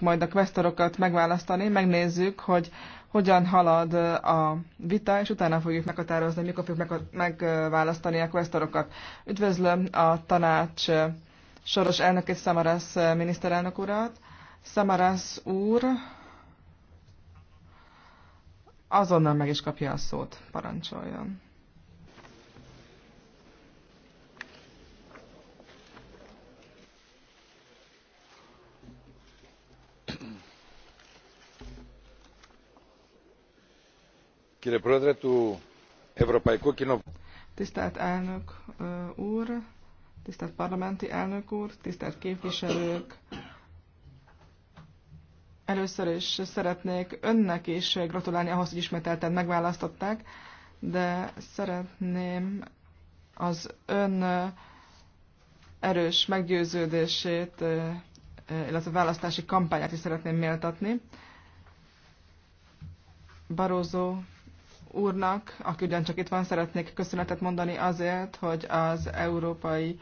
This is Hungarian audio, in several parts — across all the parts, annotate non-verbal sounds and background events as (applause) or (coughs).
majd a questorokat megválasztani, megnézzük, hogy hogyan halad a vita, és utána fogjuk meghatározni, mikor fogjuk megválasztani a questorokat. Üdvözlöm a tanács soros elnökét, Samarasz miniszterelnök urat. Samarasz úr azonnal meg is kapja a szót, parancsoljon. Tisztelt elnök úr, tisztelt parlamenti elnök úr, tisztelt képviselők! Először is szeretnék önnek is gratulálni ahhoz, hogy ismételten megválasztották, de szeretném az ön erős meggyőződését, illetve választási kampányát is szeretném méltatni. Barozó úrnak, aki ugyancsak itt van, szeretnék köszönetet mondani azért, hogy az európai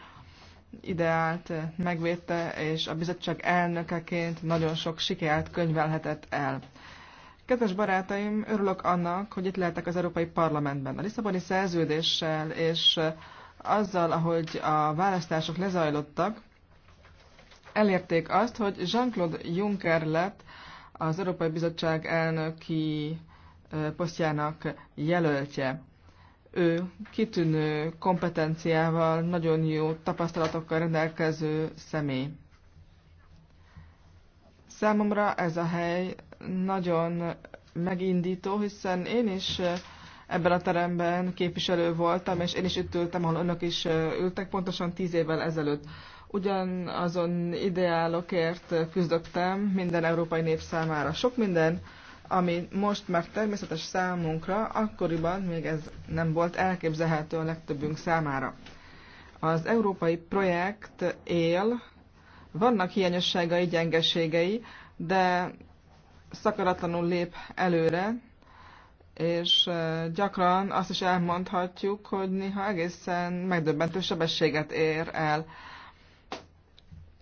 ideált megvédte, és a bizottság elnökeként nagyon sok sikert könyvelhetett el. Kedves barátaim, örülök annak, hogy itt lehetek az Európai Parlamentben. A Lisszaboni szerződéssel és azzal, ahogy a választások lezajlottak, elérték azt, hogy Jean-Claude Juncker lett az Európai Bizottság elnöki posztjának jelöltje. Ő kitűnő kompetenciával, nagyon jó tapasztalatokkal rendelkező személy. Számomra ez a hely nagyon megindító, hiszen én is ebben a teremben képviselő voltam, és én is itt ültem, ahol önök is ültek, pontosan tíz évvel ezelőtt. Ugyanazon ideálokért küzdöttem minden európai nép számára. Sok minden ami most már természetes számunkra, akkoriban még ez nem volt elképzelhető a legtöbbünk számára. Az európai projekt él, vannak hiányosságai, gyengeségei, de szakaratlanul lép előre, és gyakran azt is elmondhatjuk, hogy néha egészen megdöbbentő sebességet ér el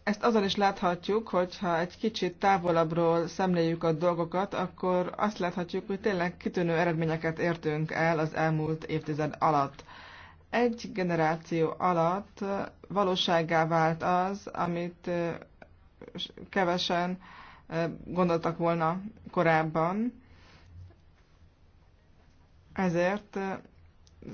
ezt azon is láthatjuk, hogyha egy kicsit távolabbról szemléljük a dolgokat, akkor azt láthatjuk, hogy tényleg kitűnő eredményeket értünk el az elmúlt évtized alatt. Egy generáció alatt valóságá vált az, amit kevesen gondoltak volna korábban. Ezért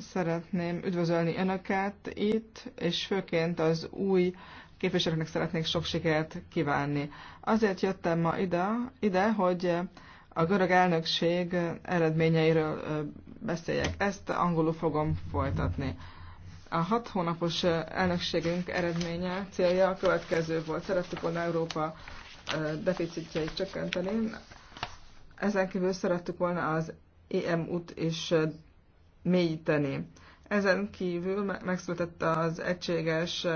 szeretném üdvözölni Önöket itt, és főként az új képviselőknek szeretnék sok sikert kívánni. Azért jöttem ma ide, ide hogy a görög elnökség eredményeiről beszéljek. Ezt angolul fogom folytatni. A hat hónapos elnökségünk eredménye, célja a következő volt. Szerettük volna Európa deficitjeit csökkenteni. Ezen kívül szerettük volna az EMU-t is mélyíteni. Ezen kívül megszületett az egységes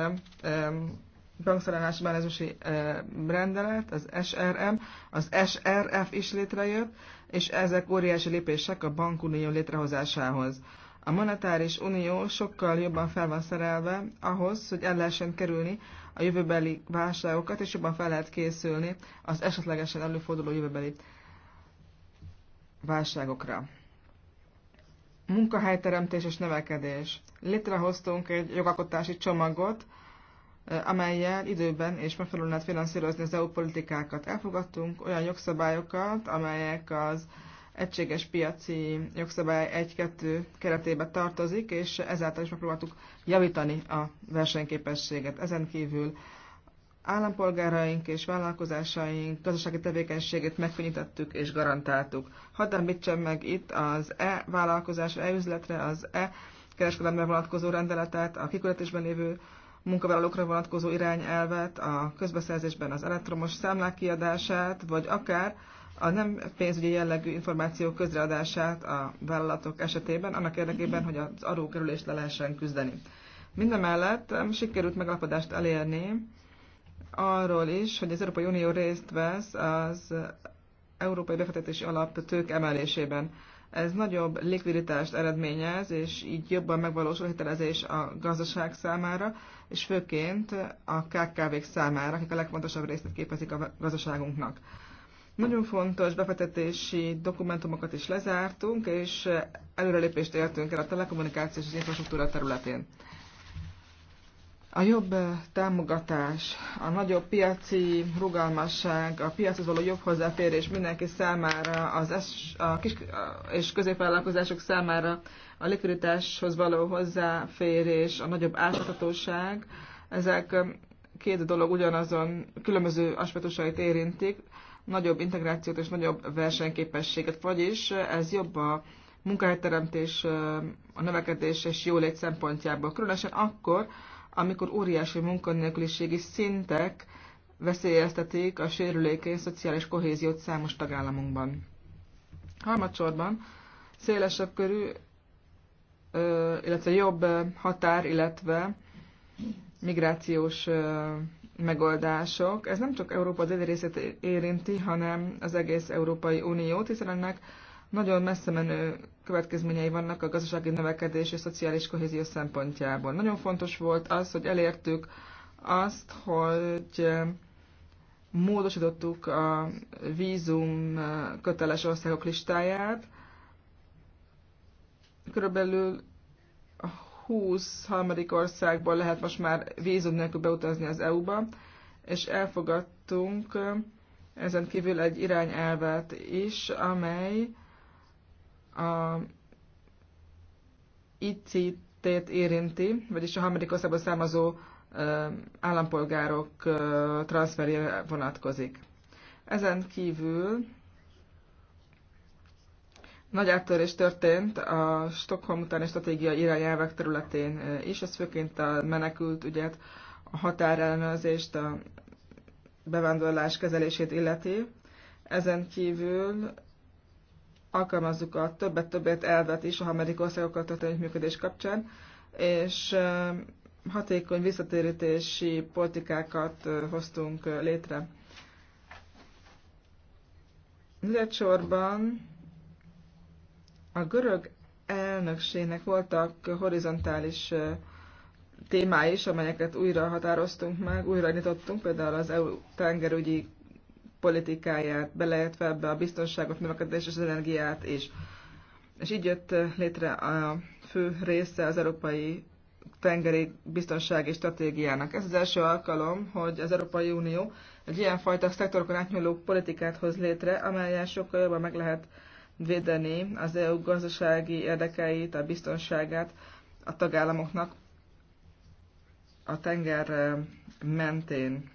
bankszállási bálázosi eh, rendelet, az SRM, az SRF is létrejött, és ezek óriási lépések a bankunió létrehozásához. A monetáris unió sokkal jobban fel van szerelve ahhoz, hogy el lehessen kerülni a jövőbeli válságokat, és jobban fel lehet készülni az esetlegesen előforduló jövőbeli válságokra. Munkahelyteremtés és növekedés. Létrehoztunk egy jogalkotási csomagot, amelyel időben és megfelelően lehet finanszírozni az EU politikákat. Elfogadtunk olyan jogszabályokat, amelyek az egységes piaci jogszabály 1-2 keretébe tartozik, és ezáltal is megpróbáltuk javítani a versenyképességet. Ezen kívül állampolgáraink és vállalkozásaink gazdasági tevékenységét megkönnyítettük és garantáltuk. Hadd említsem meg itt az e-vállalkozás, e-üzletre, az e-kereskedelemre vonatkozó rendeletet, a kikületésben lévő munkavállalókra vonatkozó irányelvet, a közbeszerzésben az elektromos számlák kiadását, vagy akár a nem pénzügyi jellegű információk közreadását a vállalatok esetében, annak érdekében, hogy az adókerülést le lehessen küzdeni. Mindemellett sikerült megalapodást elérni arról is, hogy az Európai Unió részt vesz az Európai Befektetési Alap tők emelésében. Ez nagyobb likviditást eredményez, és így jobban megvalósul hitelezés a gazdaság számára, és főként a KKV-k számára, akik a legfontosabb részt képezik a gazdaságunknak. Nagyon fontos befektetési dokumentumokat is lezártunk, és előrelépést értünk el a telekommunikációs és infrastruktúra területén. A jobb eh, támogatás, a nagyobb piaci rugalmasság, a piachoz való jobb hozzáférés mindenki számára, az es, a kis és középvállalkozások számára a likviditáshoz való hozzáférés, a nagyobb ásathatóság, ezek eh, két dolog ugyanazon különböző aspektusait érintik, nagyobb integrációt és nagyobb versenyképességet, vagyis eh, ez jobb a munkahelyteremtés, a növekedés és jólét szempontjából, különösen akkor, amikor óriási munkanélküliségi szintek veszélyeztetik a sérülékeny szociális kohéziót számos tagállamunkban. Harmadsorban szélesebb körű, illetve jobb határ, illetve migrációs megoldások. Ez nem csak Európa déli részét érinti, hanem az egész Európai Uniót, hiszen ennek nagyon messze menő következményei vannak a gazdasági növekedés és szociális kohézió szempontjából. Nagyon fontos volt az, hogy elértük azt, hogy eh, módosítottuk a vízum eh, köteles országok listáját. Körülbelül 20 harmadik országból lehet most már vízum nélkül beutazni az EU-ba, és elfogadtunk eh, ezen kívül egy irányelvet is, amely a ICT-t érinti, vagyis a harmadik országból származó állampolgárok transferjére vonatkozik. Ezen kívül nagy áttörés történt a Stockholm utáni stratégia irányelvek területén is, ez főként a menekült ügyet, a határellenőrzést, a bevándorlás kezelését illeti. Ezen kívül alkalmazzuk a többet-többet elvet is a harmadik országokkal történő működés kapcsán, és hatékony visszatérítési politikákat hoztunk létre. Negyedsorban a görög elnökségnek voltak horizontális témái is, amelyeket újra határoztunk meg, újra nyitottunk, például az EU tengerügyi politikáját, beleértve ebbe a biztonságot, növekedés és az energiát és, És így jött létre a fő része az Európai Tengeri Biztonsági Stratégiának. Ez az első alkalom, hogy az Európai Unió egy ilyenfajta szektorokon átnyúló politikát hoz létre, amelyen sokkal jobban meg lehet védeni az EU gazdasági érdekeit, a biztonságát a tagállamoknak a tenger mentén.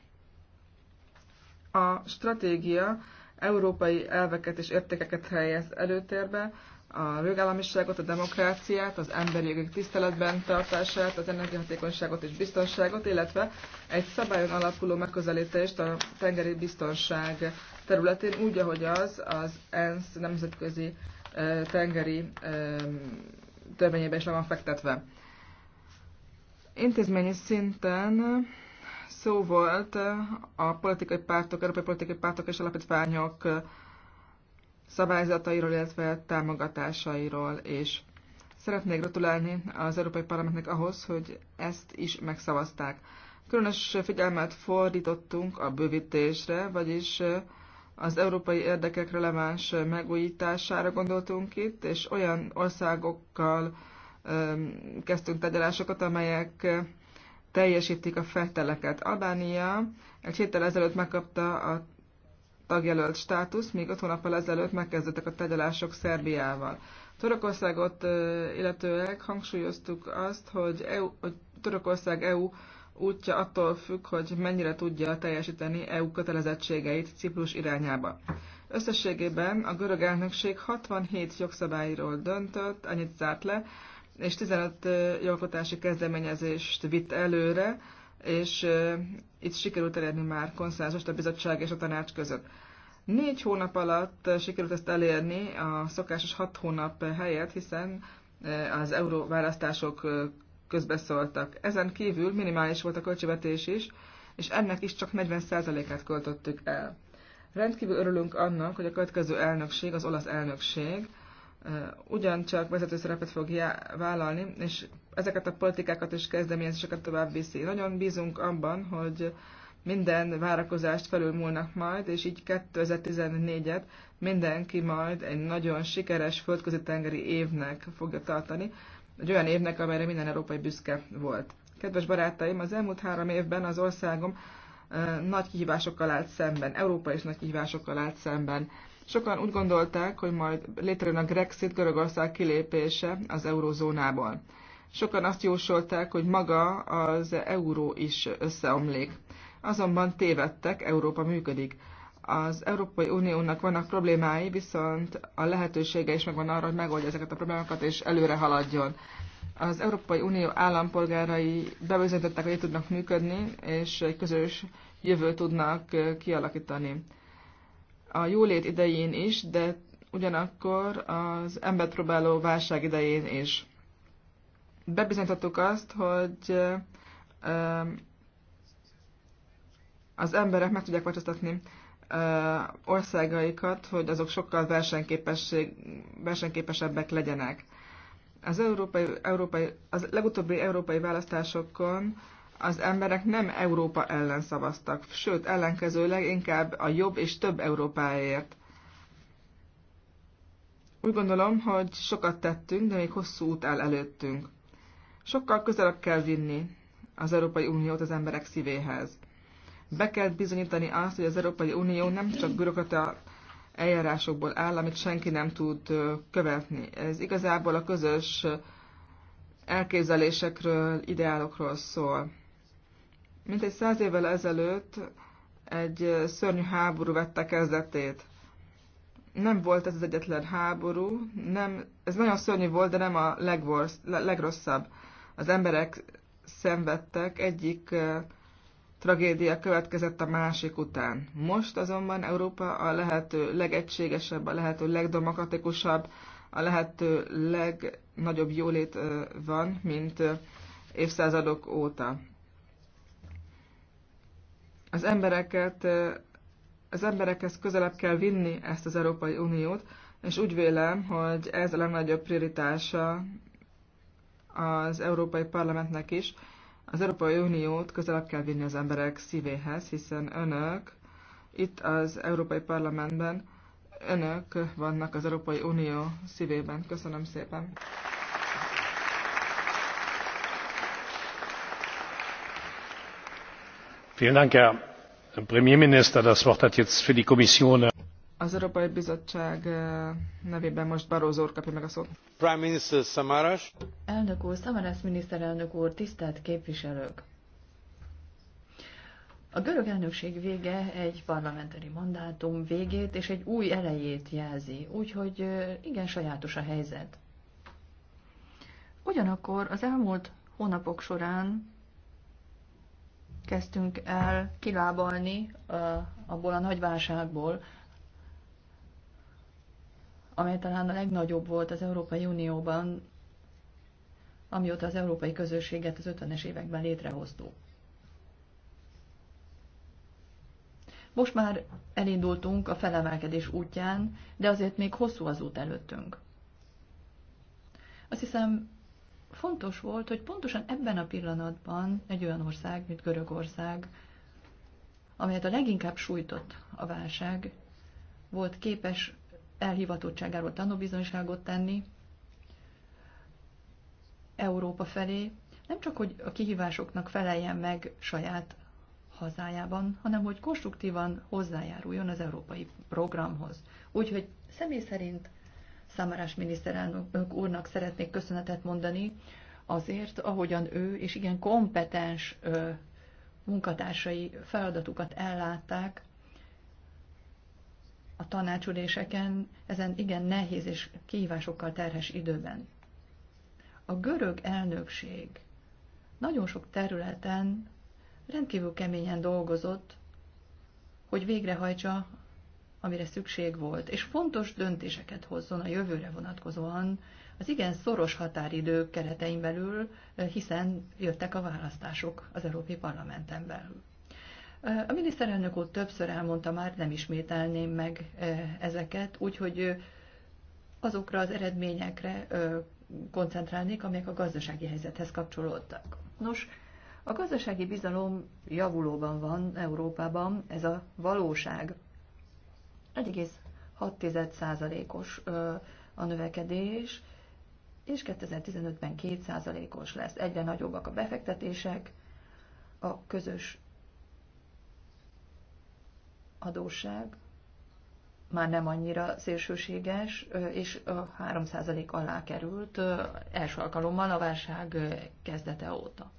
A stratégia európai elveket és értékeket helyez előtérbe, a jogállamiságot, a demokráciát, az emberi jogok tiszteletben tartását, az energiahatékonyságot és biztonságot, illetve egy szabályon alapuló megközelítést a tengeri biztonság területén, úgy, ahogy az az ENSZ nemzetközi tengeri törvényében is le van fektetve. Intézményi szinten szó volt a politikai pártok, európai politikai pártok és alapítványok szabályzatairól, illetve támogatásairól, és szeretnék gratulálni az Európai Parlamentnek ahhoz, hogy ezt is megszavazták. Különös figyelmet fordítottunk a bővítésre, vagyis az európai érdekek releváns megújítására gondoltunk itt, és olyan országokkal kezdtünk tárgyalásokat, amelyek teljesítik a felteleket. Albánia egy héttel ezelőtt megkapta a tagjelölt státuszt, míg öt hónappal ezelőtt megkezdettek a tegyelások Szerbiával. Törökországot illetőleg hangsúlyoztuk azt, hogy, EU, hogy Törökország EU útja attól függ, hogy mennyire tudja teljesíteni EU kötelezettségeit Ciprus irányába. Összességében a görög elnökség 67 jogszabályról döntött, annyit zárt le, és 15 jogalkotási kezdeményezést vitt előre, és itt sikerült elérni már konszenzust a bizottság és a tanács között. Négy hónap alatt sikerült ezt elérni a szokásos hat hónap helyett, hiszen az euróválasztások közbeszóltak. Ezen kívül minimális volt a költségvetés is, és ennek is csak 40%-át költöttük el. Rendkívül örülünk annak, hogy a következő elnökség, az olasz elnökség, ugyancsak vezető szerepet fog vállalni, és ezeket a politikákat és kezdeményezéseket tovább viszi. Nagyon bízunk abban, hogy minden várakozást felülmúlnak majd, és így 2014-et mindenki majd egy nagyon sikeres földközi tengeri évnek fogja tartani, egy olyan évnek, amelyre minden európai büszke volt. Kedves barátaim, az elmúlt három évben az országom nagy kihívásokkal állt szemben, Európa is nagy kihívásokkal állt szemben Sokan úgy gondolták, hogy majd létrejön a Grexit Görögország kilépése az eurózónából. Sokan azt jósolták, hogy maga az euró is összeomlik. Azonban tévedtek, Európa működik. Az Európai Uniónak vannak problémái, viszont a lehetősége is megvan arra, hogy megoldja ezeket a problémákat és előre haladjon. Az Európai Unió állampolgárai bevezetettek, hogy tudnak működni, és egy közös jövőt tudnak kialakítani a jólét idején is, de ugyanakkor az embert próbáló válság idején is. Bebizonyítottuk azt, hogy az emberek meg tudják változtatni országaikat, hogy azok sokkal versenyképesebbek legyenek. Az, európai, európai, az legutóbbi európai választásokon az emberek nem Európa ellen szavaztak, sőt, ellenkezőleg inkább a jobb és több Európáért. Úgy gondolom, hogy sokat tettünk, de még hosszú út áll előttünk. Sokkal közelebb kell vinni az Európai Uniót az emberek szívéhez. Be kell bizonyítani azt, hogy az Európai Unió nem csak bürokrata eljárásokból áll, amit senki nem tud követni. Ez igazából a közös elképzelésekről, ideálokról szól. Mint egy száz évvel ezelőtt egy szörnyű háború vette kezdetét. Nem volt ez az egyetlen háború, nem, ez nagyon szörnyű volt, de nem a legvorsz, legrosszabb. Az emberek szenvedtek, egyik tragédia következett a másik után. Most azonban Európa a lehető legegységesebb, a lehető legdemokratikusabb, a lehető legnagyobb jólét van, mint évszázadok óta. Az embereket, az emberekhez közelebb kell vinni ezt az Európai Uniót, és úgy vélem, hogy ez a legnagyobb prioritása az Európai Parlamentnek is. Az Európai Uniót közelebb kell vinni az emberek szívéhez, hiszen önök itt az Európai Parlamentben, önök vannak az Európai Unió szívében. Köszönöm szépen! Äh, az európai bizottság äh, nevében most barroso úr kapja meg a szót. elnök úr samaras miniszterelnök úr tisztelt képviselők! A görög elnökség vége egy parlamenteri mandátum végét és egy új elejét jelzi, úgyhogy igen sajátos a helyzet. Ugyanakkor az elmúlt hónapok során kezdtünk el kilábalni abból a nagy válságból, amely talán a legnagyobb volt az Európai Unióban, amióta az európai közösséget az 50-es években létrehoztuk. Most már elindultunk a felemelkedés útján, de azért még hosszú az út előttünk. Azt hiszem, fontos volt, hogy pontosan ebben a pillanatban egy olyan ország, mint Görögország, amelyet a leginkább sújtott a válság, volt képes elhivatottságáról tanúbizonyságot tenni Európa felé, nem csak, hogy a kihívásoknak feleljen meg saját hazájában, hanem hogy konstruktívan hozzájáruljon az európai programhoz. Úgyhogy személy szerint számárás miniszterelnök úrnak szeretnék köszönetet mondani azért, ahogyan ő és igen kompetens munkatársai feladatukat ellátták a tanácsüléseken, ezen igen nehéz és kihívásokkal terhes időben. A görög elnökség nagyon sok területen rendkívül keményen dolgozott, hogy végrehajtsa amire szükség volt, és fontos döntéseket hozzon a jövőre vonatkozóan az igen szoros határidő keretein belül, hiszen jöttek a választások az Európai Parlamenten belül. A miniszterelnök úr többször elmondta már, nem ismételném meg e, ezeket, úgyhogy e, azokra az eredményekre e, koncentrálnék, amelyek a gazdasági helyzethez kapcsolódtak. Nos, a gazdasági bizalom javulóban van Európában, ez a valóság. 1,6%-os a növekedés, és 2015-ben 2%-os lesz. Egyre nagyobbak a befektetések, a közös adósság már nem annyira szélsőséges, és 3% alá került első alkalommal a válság kezdete óta.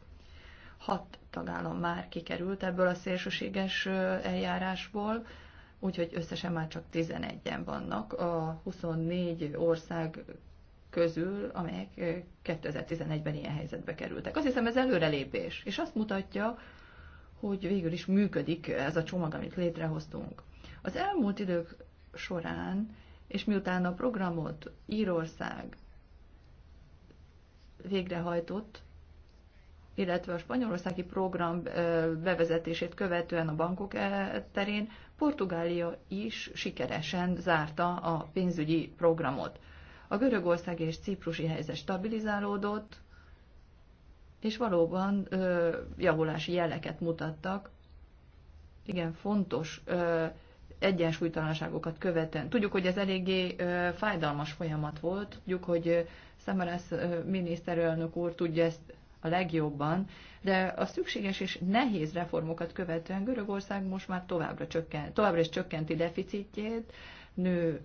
Hat tagállam már kikerült ebből a szélsőséges eljárásból, úgyhogy összesen már csak 11-en vannak a 24 ország közül, amelyek 2011-ben eh, ilyen helyzetbe kerültek. Azt hiszem ez előrelépés, és azt mutatja, hogy végül is működik ez a csomag, amit létrehoztunk. Az elmúlt idők során, és miután a programot Írország végrehajtott, illetve a spanyolországi program eh, bevezetését követően a bankok eh, terén Portugália is sikeresen zárta a pénzügyi programot. A Görögország és Ciprusi helyzet stabilizálódott, és valóban ö, javulási jeleket mutattak. Igen, fontos ö, egyensúlytalanságokat követően. Tudjuk, hogy ez eléggé ö, fájdalmas folyamat volt, tudjuk, hogy Szemeresz miniszterelnök úr tudja ezt a legjobban, de a szükséges és nehéz reformokat követően Görögország most már továbbra, csökken, továbbra is csökkenti deficitjét, nő,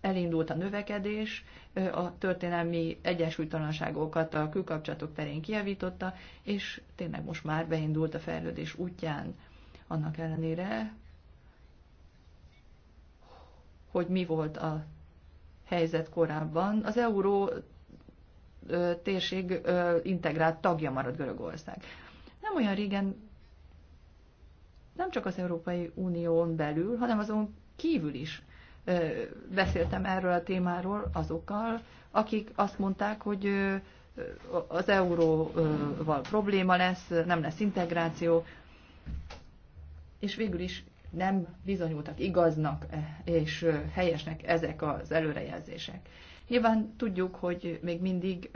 elindult a növekedés, a történelmi egyensúlytalanságokat a külkapcsolatok terén kijavította, és tényleg most már beindult a fejlődés útján. Annak ellenére, hogy mi volt a helyzet korábban. Az euró térség integrált tagja marad Görögország. Nem olyan régen nem csak az Európai Unión belül, hanem azon kívül is beszéltem erről a témáról azokkal, akik azt mondták, hogy az euróval probléma lesz, nem lesz integráció, és végül is nem bizonyultak igaznak és helyesnek ezek az előrejelzések. Nyilván tudjuk, hogy még mindig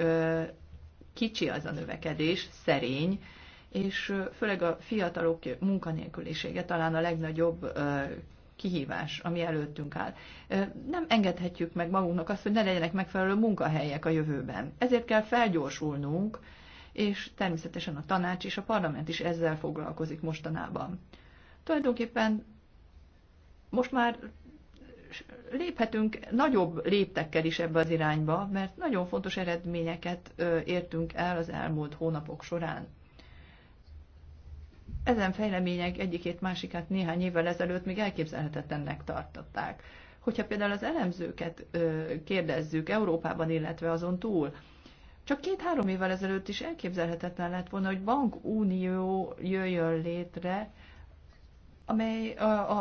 kicsi az a növekedés, szerény, és főleg a fiatalok munkanélkülisége talán a legnagyobb kihívás, ami előttünk áll. Nem engedhetjük meg magunknak azt, hogy ne legyenek megfelelő munkahelyek a jövőben. Ezért kell felgyorsulnunk, és természetesen a tanács és a parlament is ezzel foglalkozik mostanában. Tulajdonképpen most már léphetünk nagyobb léptekkel is ebbe az irányba, mert nagyon fontos eredményeket értünk el az elmúlt hónapok során. Ezen fejlemények egyikét másikát néhány évvel ezelőtt még elképzelhetetlennek tartották. Hogyha például az elemzőket kérdezzük Európában, illetve azon túl, csak két-három évvel ezelőtt is elképzelhetetlen lett volna, hogy bankunió jöjjön létre, amely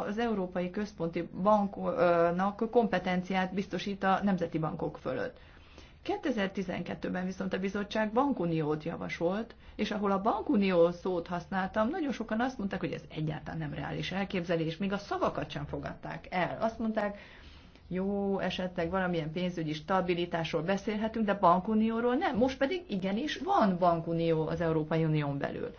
az Európai Központi Banknak kompetenciát biztosít a nemzeti bankok fölött. 2012-ben viszont a bizottság bankuniót javasolt, és ahol a bankunió szót használtam, nagyon sokan azt mondták, hogy ez egyáltalán nem reális elképzelés, még a szavakat sem fogadták el. Azt mondták, jó, esetleg valamilyen pénzügyi stabilitásról beszélhetünk, de bankunióról nem. Most pedig igenis van bankunió az Európai Unión belül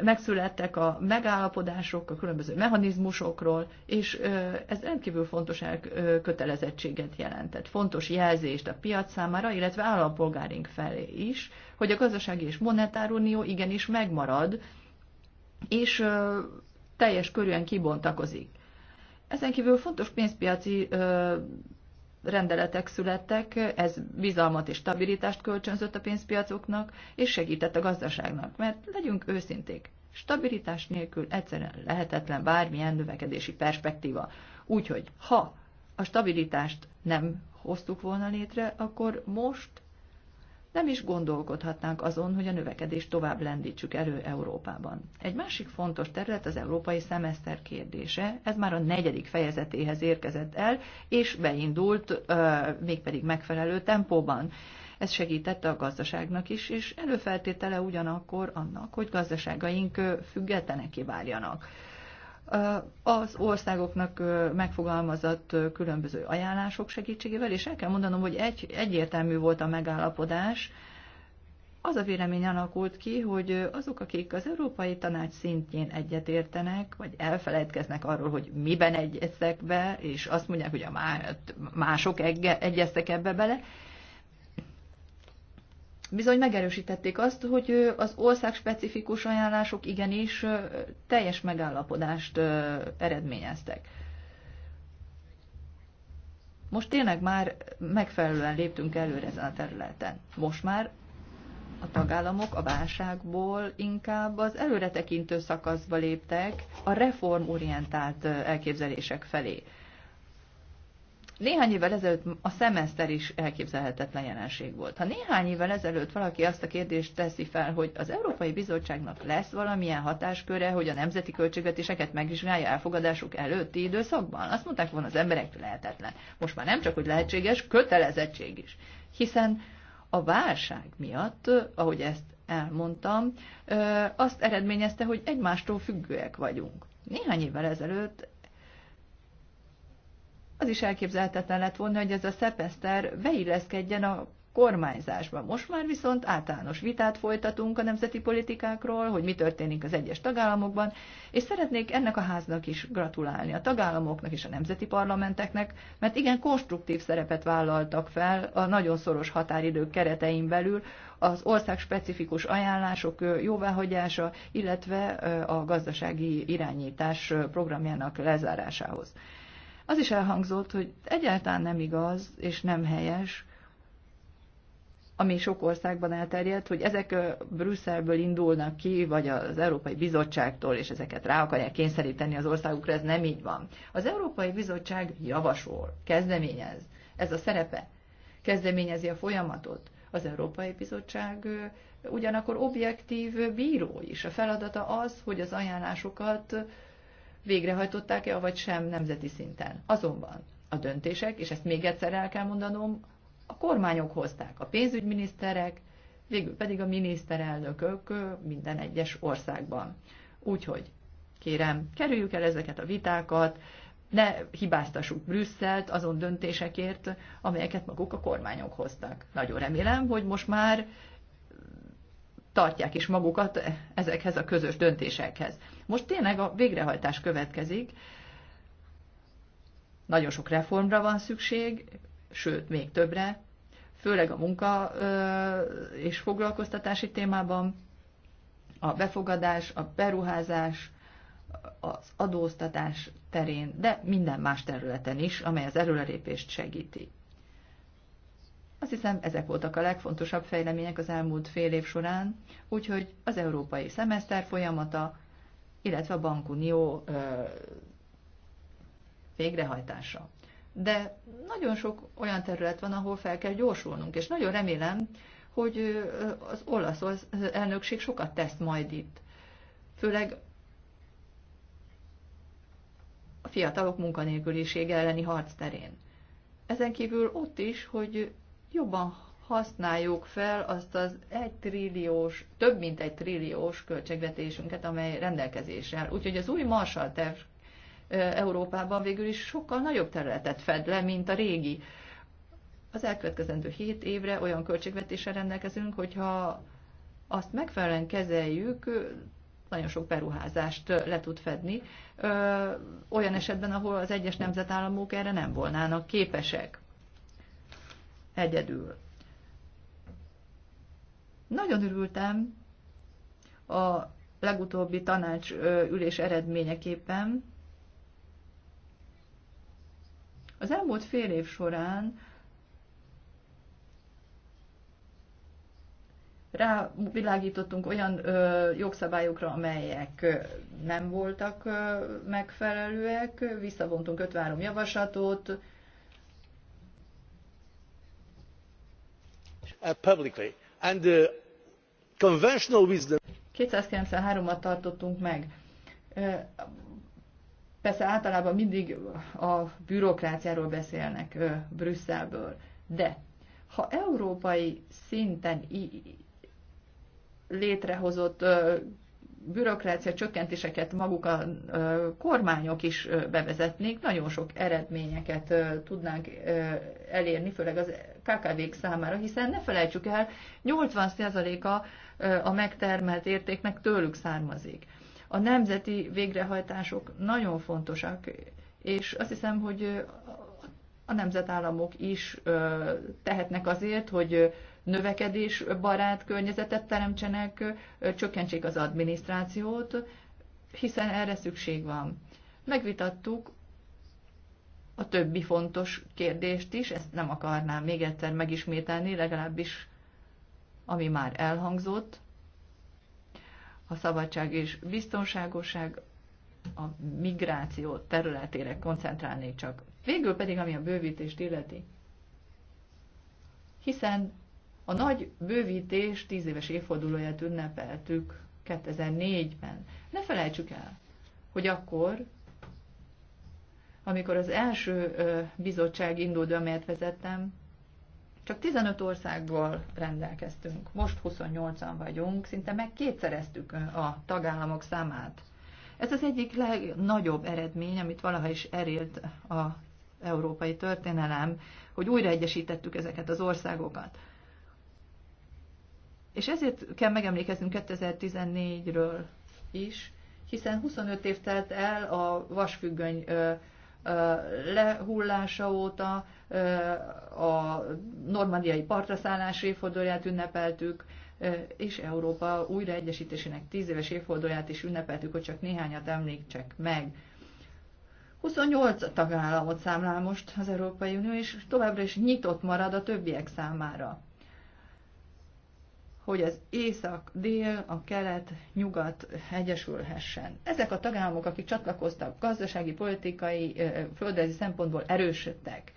megszülettek a megállapodások, a különböző mechanizmusokról, és ez rendkívül fontos kötelezettséget jelentett, fontos jelzést a piac számára, illetve állampolgárink felé is, hogy a gazdasági és unió igenis megmarad, és teljes körűen kibontakozik. Ezen kívül fontos pénzpiaci rendeletek születtek, ez bizalmat és stabilitást kölcsönzött a pénzpiacoknak, és segített a gazdaságnak, mert legyünk őszinték, stabilitás nélkül egyszerűen lehetetlen bármilyen növekedési perspektíva. Úgyhogy ha a stabilitást nem hoztuk volna létre, akkor most nem is gondolkodhatnánk azon, hogy a növekedést tovább lendítsük elő Európában. Egy másik fontos terület az európai szemeszter kérdése, ez már a negyedik fejezetéhez érkezett el, és beindult, mégpedig megfelelő tempóban. Ez segítette a gazdaságnak is, és előfeltétele ugyanakkor annak, hogy gazdaságaink függetlenek váljanak az országoknak megfogalmazott különböző ajánlások segítségével, és el kell mondanom, hogy egy, egyértelmű volt a megállapodás. Az a vélemény alakult ki, hogy azok, akik az Európai Tanács szintjén egyetértenek, vagy elfelejtkeznek arról, hogy miben egyeztek be, és azt mondják, hogy a mások egyeztek ebbe bele, bizony megerősítették azt, hogy az ország specifikus ajánlások igenis teljes megállapodást eredményeztek. Most tényleg már megfelelően léptünk előre ezen a területen. Most már a tagállamok a válságból inkább az előretekintő szakaszba léptek a reformorientált elképzelések felé. Néhány évvel ezelőtt a szemeszter is elképzelhetetlen jelenség volt. Ha néhány évvel ezelőtt valaki azt a kérdést teszi fel, hogy az Európai Bizottságnak lesz valamilyen hatásköre, hogy a nemzeti költségvetéseket megvizsgálja elfogadásuk előtti időszakban, azt mondták volna az emberek lehetetlen. Most már nem csak, hogy lehetséges, kötelezettség is. Hiszen a válság miatt, ahogy ezt elmondtam, azt eredményezte, hogy egymástól függőek vagyunk. Néhány évvel ezelőtt az is elképzelhetetlen lett volna, hogy ez a szepeszter beilleszkedjen a kormányzásba. Most már viszont általános vitát folytatunk a nemzeti politikákról, hogy mi történik az egyes tagállamokban, és szeretnék ennek a háznak is gratulálni, a tagállamoknak és a nemzeti parlamenteknek, mert igen konstruktív szerepet vállaltak fel a nagyon szoros határidők keretein belül, az ország specifikus ajánlások jóváhagyása, illetve a gazdasági irányítás programjának lezárásához. Az is elhangzott, hogy egyáltalán nem igaz és nem helyes, ami sok országban elterjedt, hogy ezek Brüsszelből indulnak ki, vagy az Európai Bizottságtól, és ezeket rá akarják kényszeríteni az országukra, ez nem így van. Az Európai Bizottság javasol, kezdeményez, ez a szerepe, kezdeményezi a folyamatot. Az Európai Bizottság ugyanakkor objektív bíró is. A feladata az, hogy az ajánlásokat végrehajtották-e, vagy sem nemzeti szinten. Azonban a döntések, és ezt még egyszer el kell mondanom, a kormányok hozták, a pénzügyminiszterek, végül pedig a miniszterelnökök minden egyes országban. Úgyhogy kérem, kerüljük el ezeket a vitákat, ne hibáztassuk Brüsszelt azon döntésekért, amelyeket maguk a kormányok hoztak. Nagyon remélem, hogy most már tartják is magukat ezekhez a közös döntésekhez. Most tényleg a végrehajtás következik. Nagyon sok reformra van szükség, sőt, még többre, főleg a munka és foglalkoztatási témában, a befogadás, a beruházás, az adóztatás terén, de minden más területen is, amely az erőlerépést segíti. Azt hiszem, ezek voltak a legfontosabb fejlemények az elmúlt fél év során, úgyhogy az európai szemeszter folyamata, illetve a bankunió ö, végrehajtása. De nagyon sok olyan terület van, ahol fel kell gyorsulnunk, és nagyon remélem, hogy az olasz az elnökség sokat tesz majd itt. Főleg a fiatalok munkanélkülisége elleni harc terén. Ezen kívül ott is, hogy jobban használjuk fel azt az egy trilliós, több mint egy trilliós költségvetésünket, amely rendelkezésre Úgyhogy az új Marshall terv Európában végül is sokkal nagyobb területet fed le, mint a régi. Az elkövetkezendő 7 évre olyan költségvetéssel rendelkezünk, hogyha azt megfelelően kezeljük, nagyon sok beruházást le tud fedni, olyan esetben, ahol az egyes nemzetállamok erre nem volnának képesek egyedül. Nagyon örültem a legutóbbi tanács ülés eredményeképpen. Az elmúlt fél év során rávilágítottunk olyan ö, jogszabályokra, amelyek nem voltak ö, megfelelőek, visszavontunk 53 javaslatot, Uh, publicly. And the uh, conventional wisdom 293-at tartottunk meg. Uh, persze általában mindig a bürokráciáról beszélnek Brüsszelből, de ha európai szinten létrehozott bürokrácia csökkentéseket maguk a kormányok is bevezetnék, nagyon sok eredményeket tudnánk elérni, főleg az KKV-k számára, hiszen ne felejtsük el, 80%-a a megtermelt értéknek tőlük származik. A nemzeti végrehajtások nagyon fontosak, és azt hiszem, hogy a nemzetállamok is tehetnek azért, hogy barát környezetet teremtsenek, csökkentsék az adminisztrációt, hiszen erre szükség van. Megvitattuk a többi fontos kérdést is, ezt nem akarnám még egyszer megismételni, legalábbis ami már elhangzott, a szabadság és biztonságosság a migráció területére koncentrálnék csak. Végül pedig, ami a bővítést illeti, hiszen a nagy bővítés 10 éves évfordulóját ünnepeltük 2004-ben. Ne felejtsük el, hogy akkor, amikor az első bizottság indult, amelyet vezettem, csak 15 országból rendelkeztünk. Most 28-an vagyunk, szinte meg kétszereztük a tagállamok számát. Ez az egyik legnagyobb eredmény, amit valaha is erélt az európai történelem, hogy újra egyesítettük ezeket az országokat. És ezért kell megemlékeznünk 2014-ről is, hiszen 25 év telt el a vasfüggöny lehullása óta, a normandiai partraszállás évfordulját ünnepeltük, és Európa újraegyesítésének 10 éves évfordulját is ünnepeltük, hogy csak néhányat említsek meg. 28 tagállamot számlál most az Európai Unió, és továbbra is nyitott marad a többiek számára hogy az észak, dél, a kelet, nyugat egyesülhessen. Ezek a tagállamok, akik csatlakoztak, gazdasági, politikai, földrajzi szempontból erősödtek.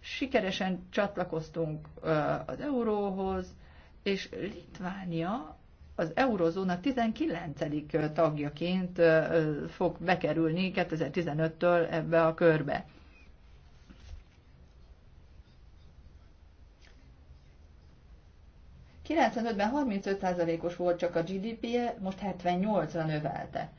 Sikeresen csatlakoztunk az euróhoz, és Litvánia az eurozóna 19. tagjaként fog bekerülni 2015-től ebbe a körbe. 95-ben 35%-os volt csak a GDP-je, most 78-ra növelte.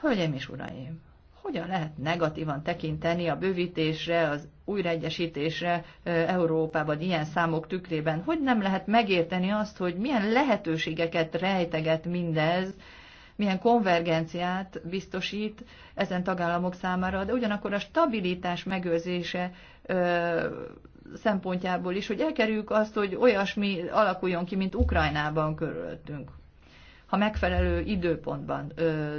Hölgyeim és uraim, hogyan lehet negatívan tekinteni a bővítésre, az újraegyesítésre Európában ilyen számok tükrében? Hogy nem lehet megérteni azt, hogy milyen lehetőségeket rejteget mindez, milyen konvergenciát biztosít ezen tagállamok számára, de ugyanakkor a stabilitás megőrzése szempontjából is, hogy elkerüljük azt, hogy olyasmi alakuljon ki, mint Ukrajnában körülöttünk, ha megfelelő időpontban ö,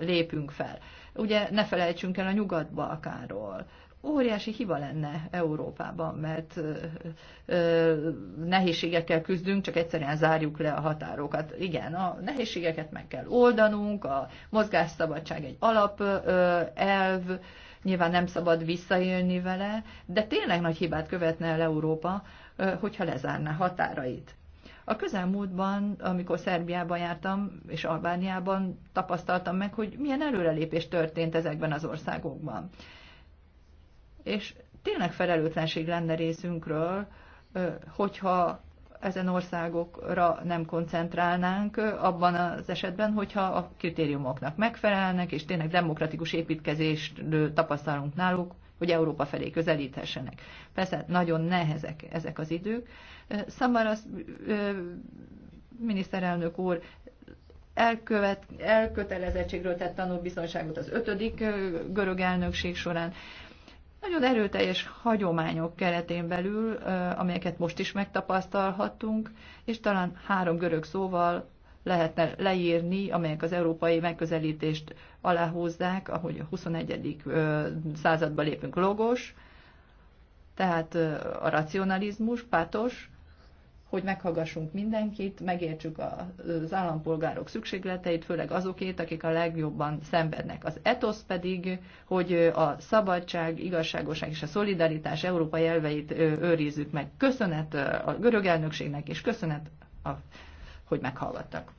lépünk fel. Ugye ne felejtsünk el a Nyugat-Balkánról. Óriási hiba lenne Európában, mert ö, ö, nehézségekkel küzdünk, csak egyszerűen zárjuk le a határokat. Igen, a nehézségeket meg kell oldanunk, a mozgásszabadság egy alapelv, nyilván nem szabad visszaélni vele, de tényleg nagy hibát követne el Európa, hogyha lezárná határait. A közelmúltban, amikor Szerbiában jártam és Albániában, tapasztaltam meg, hogy milyen előrelépés történt ezekben az országokban. És tényleg felelőtlenség lenne részünkről, hogyha ezen országokra nem koncentrálnánk abban az esetben, hogyha a kritériumoknak megfelelnek, és tényleg demokratikus építkezést tapasztalunk náluk, hogy Európa felé közelíthessenek. Persze nagyon nehezek ezek az idők. Szamarasz miniszterelnök úr elkövet, elkötelezettségről tett tanulbiztonságot az ötödik görög elnökség során nagyon erőteljes hagyományok keretén belül, amelyeket most is megtapasztalhattunk, és talán három görög szóval lehetne leírni, amelyek az európai megközelítést aláhúzzák, ahogy a 21. századba lépünk logos, tehát a racionalizmus, pátos, hogy meghallgassunk mindenkit, megértsük az állampolgárok szükségleteit, főleg azokét, akik a legjobban szenvednek. Az etosz pedig, hogy a szabadság, igazságoság és a szolidaritás európai elveit őrizzük meg. Köszönet a görög elnökségnek, és köszönet, a, hogy meghallgattak.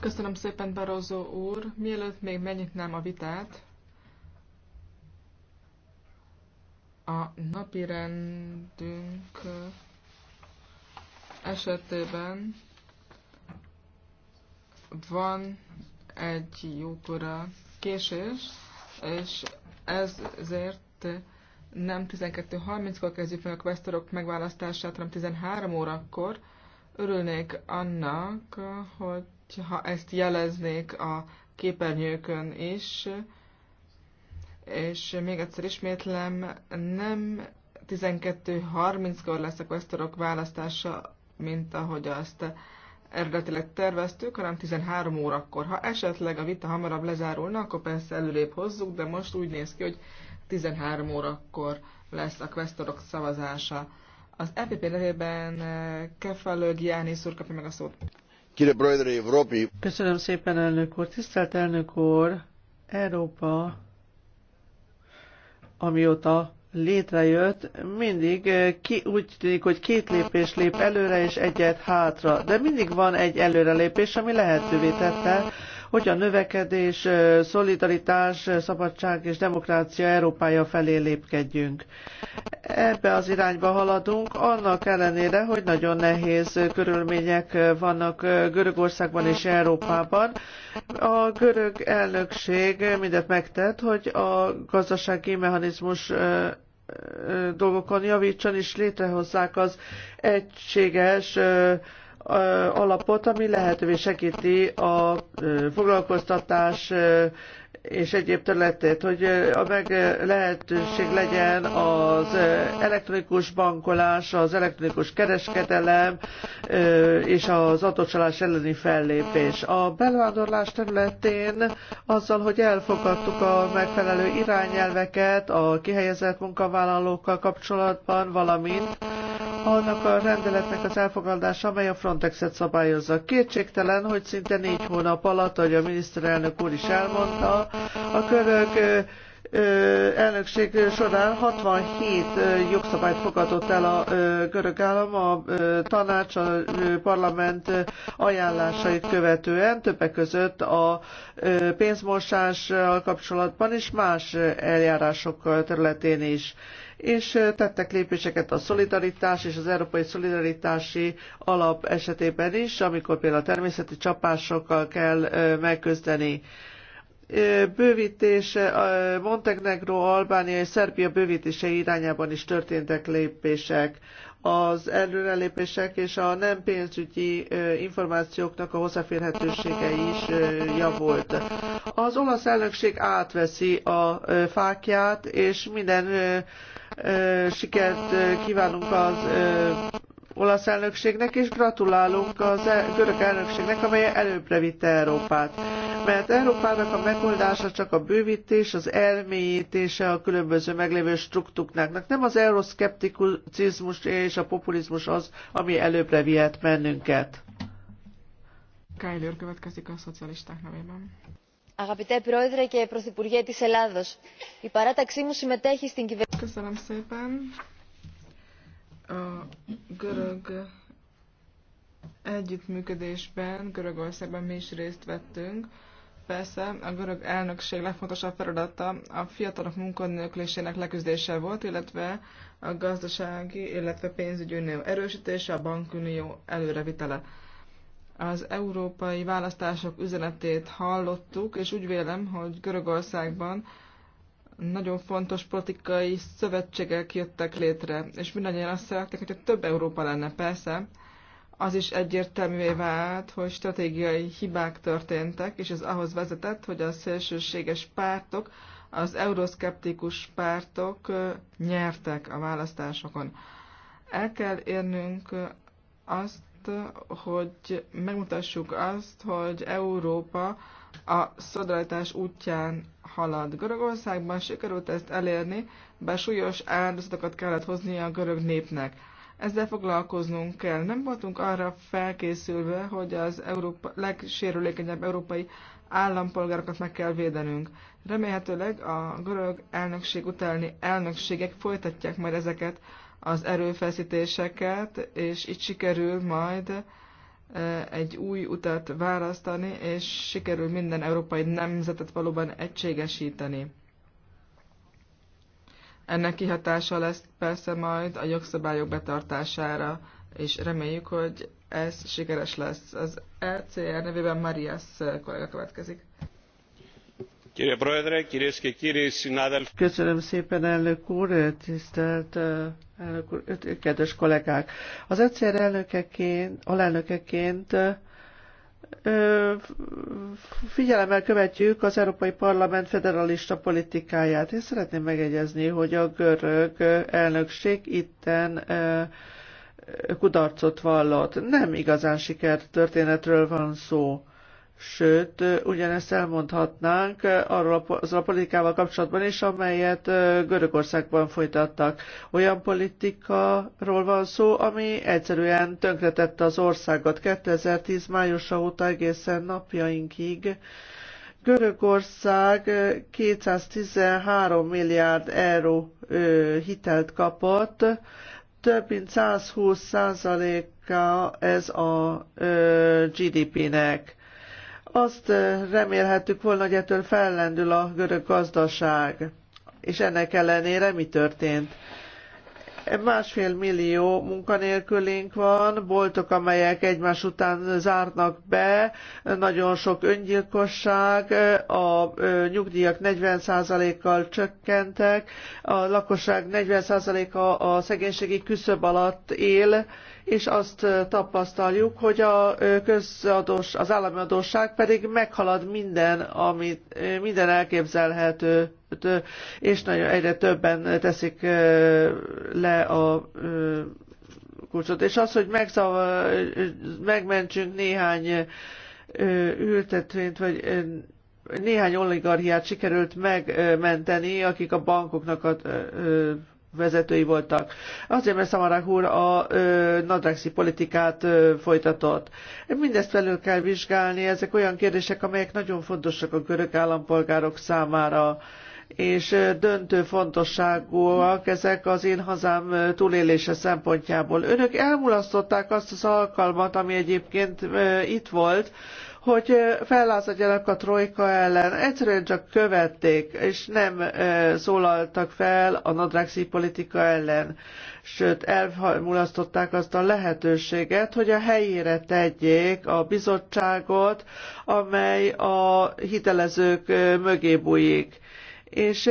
Köszönöm szépen, Barózó úr. Mielőtt még megnyitnám a vitát, a napi rendünk eh, esetében van egy jókora késés, és ezért nem 12.30-kor kezdjük meg a questorok megválasztását, hanem 13 órakor. Örülnék annak, hogy ha ezt jeleznék a képernyőkön is, és még egyszer ismétlem, nem 12.30-kor lesz a questorok választása, mint ahogy azt eredetileg terveztük, hanem 13 órakor. Ha esetleg a vita hamarabb lezárulna, akkor persze előrébb hozzuk, de most úgy néz ki, hogy 13 órakor lesz a questorok szavazása. Az EPP nevében eh, Kefalög Jánisz úr kapja meg a szót. Köszönöm szépen, elnök úr. Tisztelt elnök úr, Európa amióta létrejött, mindig eh, ki, úgy tűnik, hogy két lépés lép előre és egyet hátra, de mindig van egy előrelépés, ami lehetővé tette, hogy a növekedés, szolidaritás, szabadság és demokrácia Európája felé lépkedjünk. Ebbe az irányba haladunk, annak ellenére, hogy nagyon nehéz körülmények vannak Görögországban és Európában. A görög elnökség mindent megtett, hogy a gazdasági mechanizmus dolgokon javítson, és létrehozzák az egységes alapot, ami lehetővé segíti a foglalkoztatás és egyéb területét, hogy a meg lehetőség legyen az elektronikus bankolás, az elektronikus kereskedelem és az adócsalás elleni fellépés. A belvándorlás területén azzal, hogy elfogadtuk a megfelelő irányelveket a kihelyezett munkavállalókkal kapcsolatban, valamint annak a rendeletnek az elfogadása, amely a Frontexet szabályozza. Kétségtelen, hogy szinte négy hónap alatt, ahogy a miniszterelnök úr is elmondta, a körök elnökség során 67 jogszabályt fogadott el a görög állam a tanács, a parlament ajánlásait követően, többek között a pénzmosással kapcsolatban és más eljárások területén is és tettek lépéseket a szolidaritás és az európai szolidaritási alap esetében is, amikor például a természeti csapásokkal kell megküzdeni bővítés, Montenegro, Albánia és Szerbia bővítése irányában is történtek lépések. Az előrelépések és a nem pénzügyi információknak a hozzáférhetősége is javult. Az olasz elnökség átveszi a fákját, és minden sikert kívánunk az olasz elnökségnek, és gratulálunk az e, görög elnökségnek, amely előbbre vitte Európát. Mert Európának a megoldása csak a bővítés, az elmélyítése a különböző meglévő struktúráknak. Nem az euroszkepticizmus és a populizmus az, ami előbbre vihet bennünket. Kájlőr következik a szocialisták nevében. Αγαπητέ Πρόεδρε και Πρωθυπουργέ της Ελλάδος, η παράταξή μου συμμετέχει στην κυβέρνηση... görög együttműködésben Görögországban mi is részt vettünk. Persze a görög elnökség legfontosabb feladata a fiatalok munkanélkülésének leküzdése volt, illetve a gazdasági, illetve pénzügyi unió erősítése, a bankunió előrevitele az európai választások üzenetét hallottuk, és úgy vélem, hogy Görögországban nagyon fontos politikai szövetségek jöttek létre, és mindannyian azt szeretnék, hogy több Európa lenne, persze, az is egyértelművé vált, hogy stratégiai hibák történtek, és ez ahhoz vezetett, hogy a szélsőséges pártok, az euroszkeptikus pártok nyertek a választásokon. El kell érnünk azt, azért, hogy megmutassuk azt, hogy Európa a szolidaritás útján halad. Görögországban sikerült ezt elérni, bár súlyos áldozatokat kellett hozni a görög népnek. Ezzel foglalkoznunk kell. Nem voltunk arra felkészülve, hogy az Európa, legsérülékenyebb európai állampolgárokat meg kell védenünk. Remélhetőleg a görög elnökség utáni elnökségek folytatják majd ezeket az erőfeszítéseket, és itt sikerül majd egy új utat választani, és sikerül minden európai nemzetet valóban egységesíteni. Ennek kihatása lesz persze majd a jogszabályok betartására, és reméljük, hogy ez sikeres lesz. Az ECR nevében Marias kollega következik. Köszönöm szépen, elnök úr, tisztelt elnök úr, kedves kollégák! Az egyszer elnökeként, alelnökeként figyelemmel követjük az Európai Parlament federalista politikáját. Én szeretném megegyezni, hogy a görög elnökség itten kudarcot vallott. Nem igazán sikertörténetről van szó Sőt, ugyanezt elmondhatnánk arról az a politikával kapcsolatban is, amelyet Görögországban folytattak. Olyan politikaról van szó, ami egyszerűen tönkretette az országot 2010 májusa óta egészen napjainkig. Görögország 213 milliárd euró hitelt kapott, több mint 120 százaléka ez a GDP-nek. Azt eh, remélhettük volna, hogy ettől fellendül a görög gazdaság. És ennek ellenére mi történt? Másfél millió munkanélkülénk van, boltok, amelyek egymás után zárnak be, nagyon sok öngyilkosság, a nyugdíjak 40%-kal csökkentek, a lakosság 40%-a a szegénységi küszöb alatt él, és azt tapasztaljuk, hogy a közadós, az állami adósság pedig meghalad minden, amit, minden elképzelhető és nagyon egyre többen teszik le a kulcsot. És az, hogy megszav, megmentsünk néhány ültetvényt, vagy néhány oligarchiát sikerült megmenteni, akik a bankoknak a vezetői voltak. Azért, mert Szamarák úr a ö, politikát ö, folytatott. Mindezt felül kell vizsgálni, ezek olyan kérdések, amelyek nagyon fontosak a görög állampolgárok számára. Ö, és döntő fontosságúak ezek az én hazám túlélése szempontjából. Önök elmulasztották azt az alkalmat, ami egyébként itt volt, hogy fellázadjanak a trojka ellen. Egyszerűen csak követték, és nem szólaltak fel a nadrágszi politika ellen. Sőt, elmulasztották azt a lehetőséget, hogy a helyére tegyék a bizottságot, amely a hitelezők mögé bújik és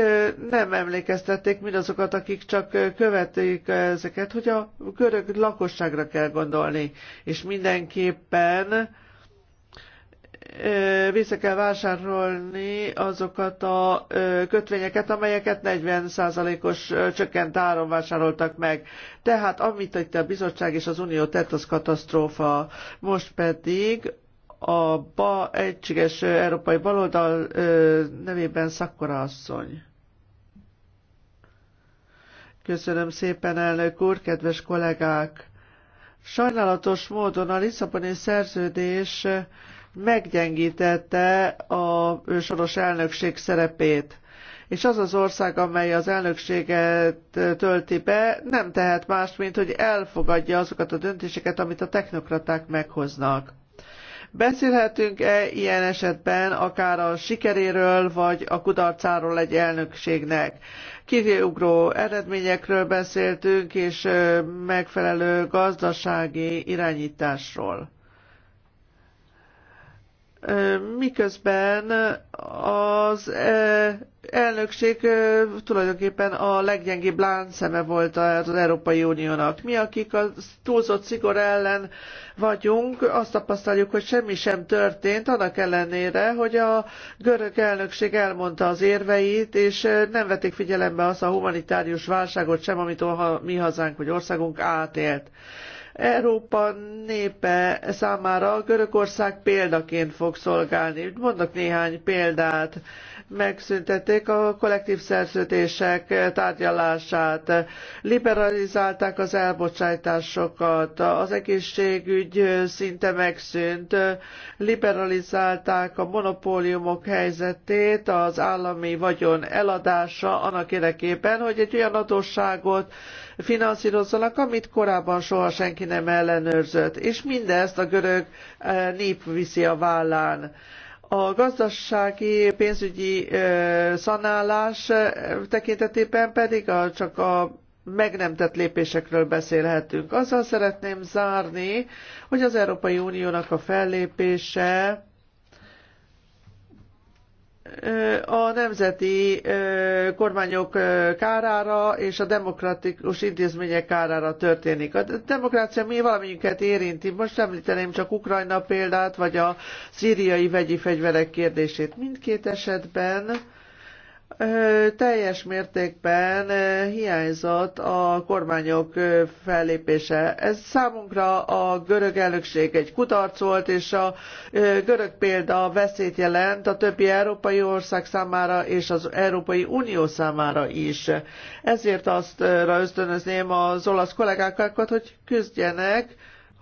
nem emlékeztették mindazokat, akik csak követik ezeket, hogy a görög lakosságra kell gondolni, és mindenképpen vissza kell vásárolni azokat a kötvényeket, amelyeket 40%-os csökkent áron vásároltak meg. Tehát amit itt a bizottság és az unió tett, az katasztrófa. Most pedig a ba, egységes európai baloldal nevében Szakora asszony. Köszönöm szépen, elnök úr, kedves kollégák! Sajnálatos módon a Lisszaboni szerződés meggyengítette a soros elnökség szerepét és az az ország, amely az elnökséget tölti be, nem tehet más, mint hogy elfogadja azokat a döntéseket, amit a technokraták meghoznak. Beszélhetünk-e ilyen esetben akár a sikeréről, vagy a kudarcáról egy elnökségnek? Kiugró eredményekről beszéltünk, és megfelelő gazdasági irányításról miközben az elnökség tulajdonképpen a leggyengébb láncszeme volt az Európai Uniónak. Mi, akik a túlzott szigor ellen vagyunk, azt tapasztaljuk, hogy semmi sem történt, annak ellenére, hogy a görög elnökség elmondta az érveit, és nem vették figyelembe azt a humanitárius válságot sem, amit mi hazánk vagy országunk átélt. Európa népe számára Görögország példaként fog szolgálni. Mondok néhány példát. Megszüntették a kollektív szerződések tárgyalását, liberalizálták az elbocsátásokat, az egészségügy szinte megszűnt, liberalizálták a monopóliumok helyzetét, az állami vagyon eladása annak érdekében, hogy egy olyan adósságot finanszírozzanak, amit korábban soha senki nem ellenőrzött. És mindezt a görög eh, nép viszi a vállán. A gazdasági pénzügyi eh, szanálás eh, tekintetében pedig a, csak a meg nem tett lépésekről beszélhetünk. Azzal szeretném zárni, hogy az Európai Uniónak a fellépése a nemzeti kormányok kárára és a demokratikus intézmények kárára történik. A demokrácia mi valamiünket érinti. Most említeném csak Ukrajna példát, vagy a szíriai vegyi fegyverek kérdését. Mindkét esetben teljes mértékben hiányzott a kormányok fellépése. Ez számunkra a görög elnökség egy kudarc volt, és a görög példa veszélyt jelent a többi európai ország számára és az Európai Unió számára is. Ezért azt ösztönözném az olasz kollégákat, hogy küzdjenek,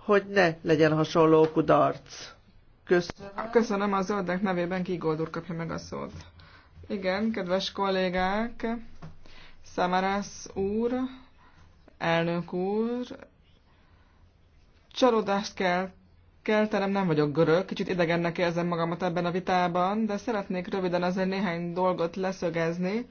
hogy ne legyen hasonló kudarc. Köszönöm. Köszönöm a zöldek nevében, Kigold kapja meg a szót. Igen, kedves kollégák, Samaras úr, elnök úr, csalódást kell keltenem, nem vagyok görög, kicsit idegennek érzem magamat ebben a vitában, de szeretnék röviden azért néhány dolgot leszögezni,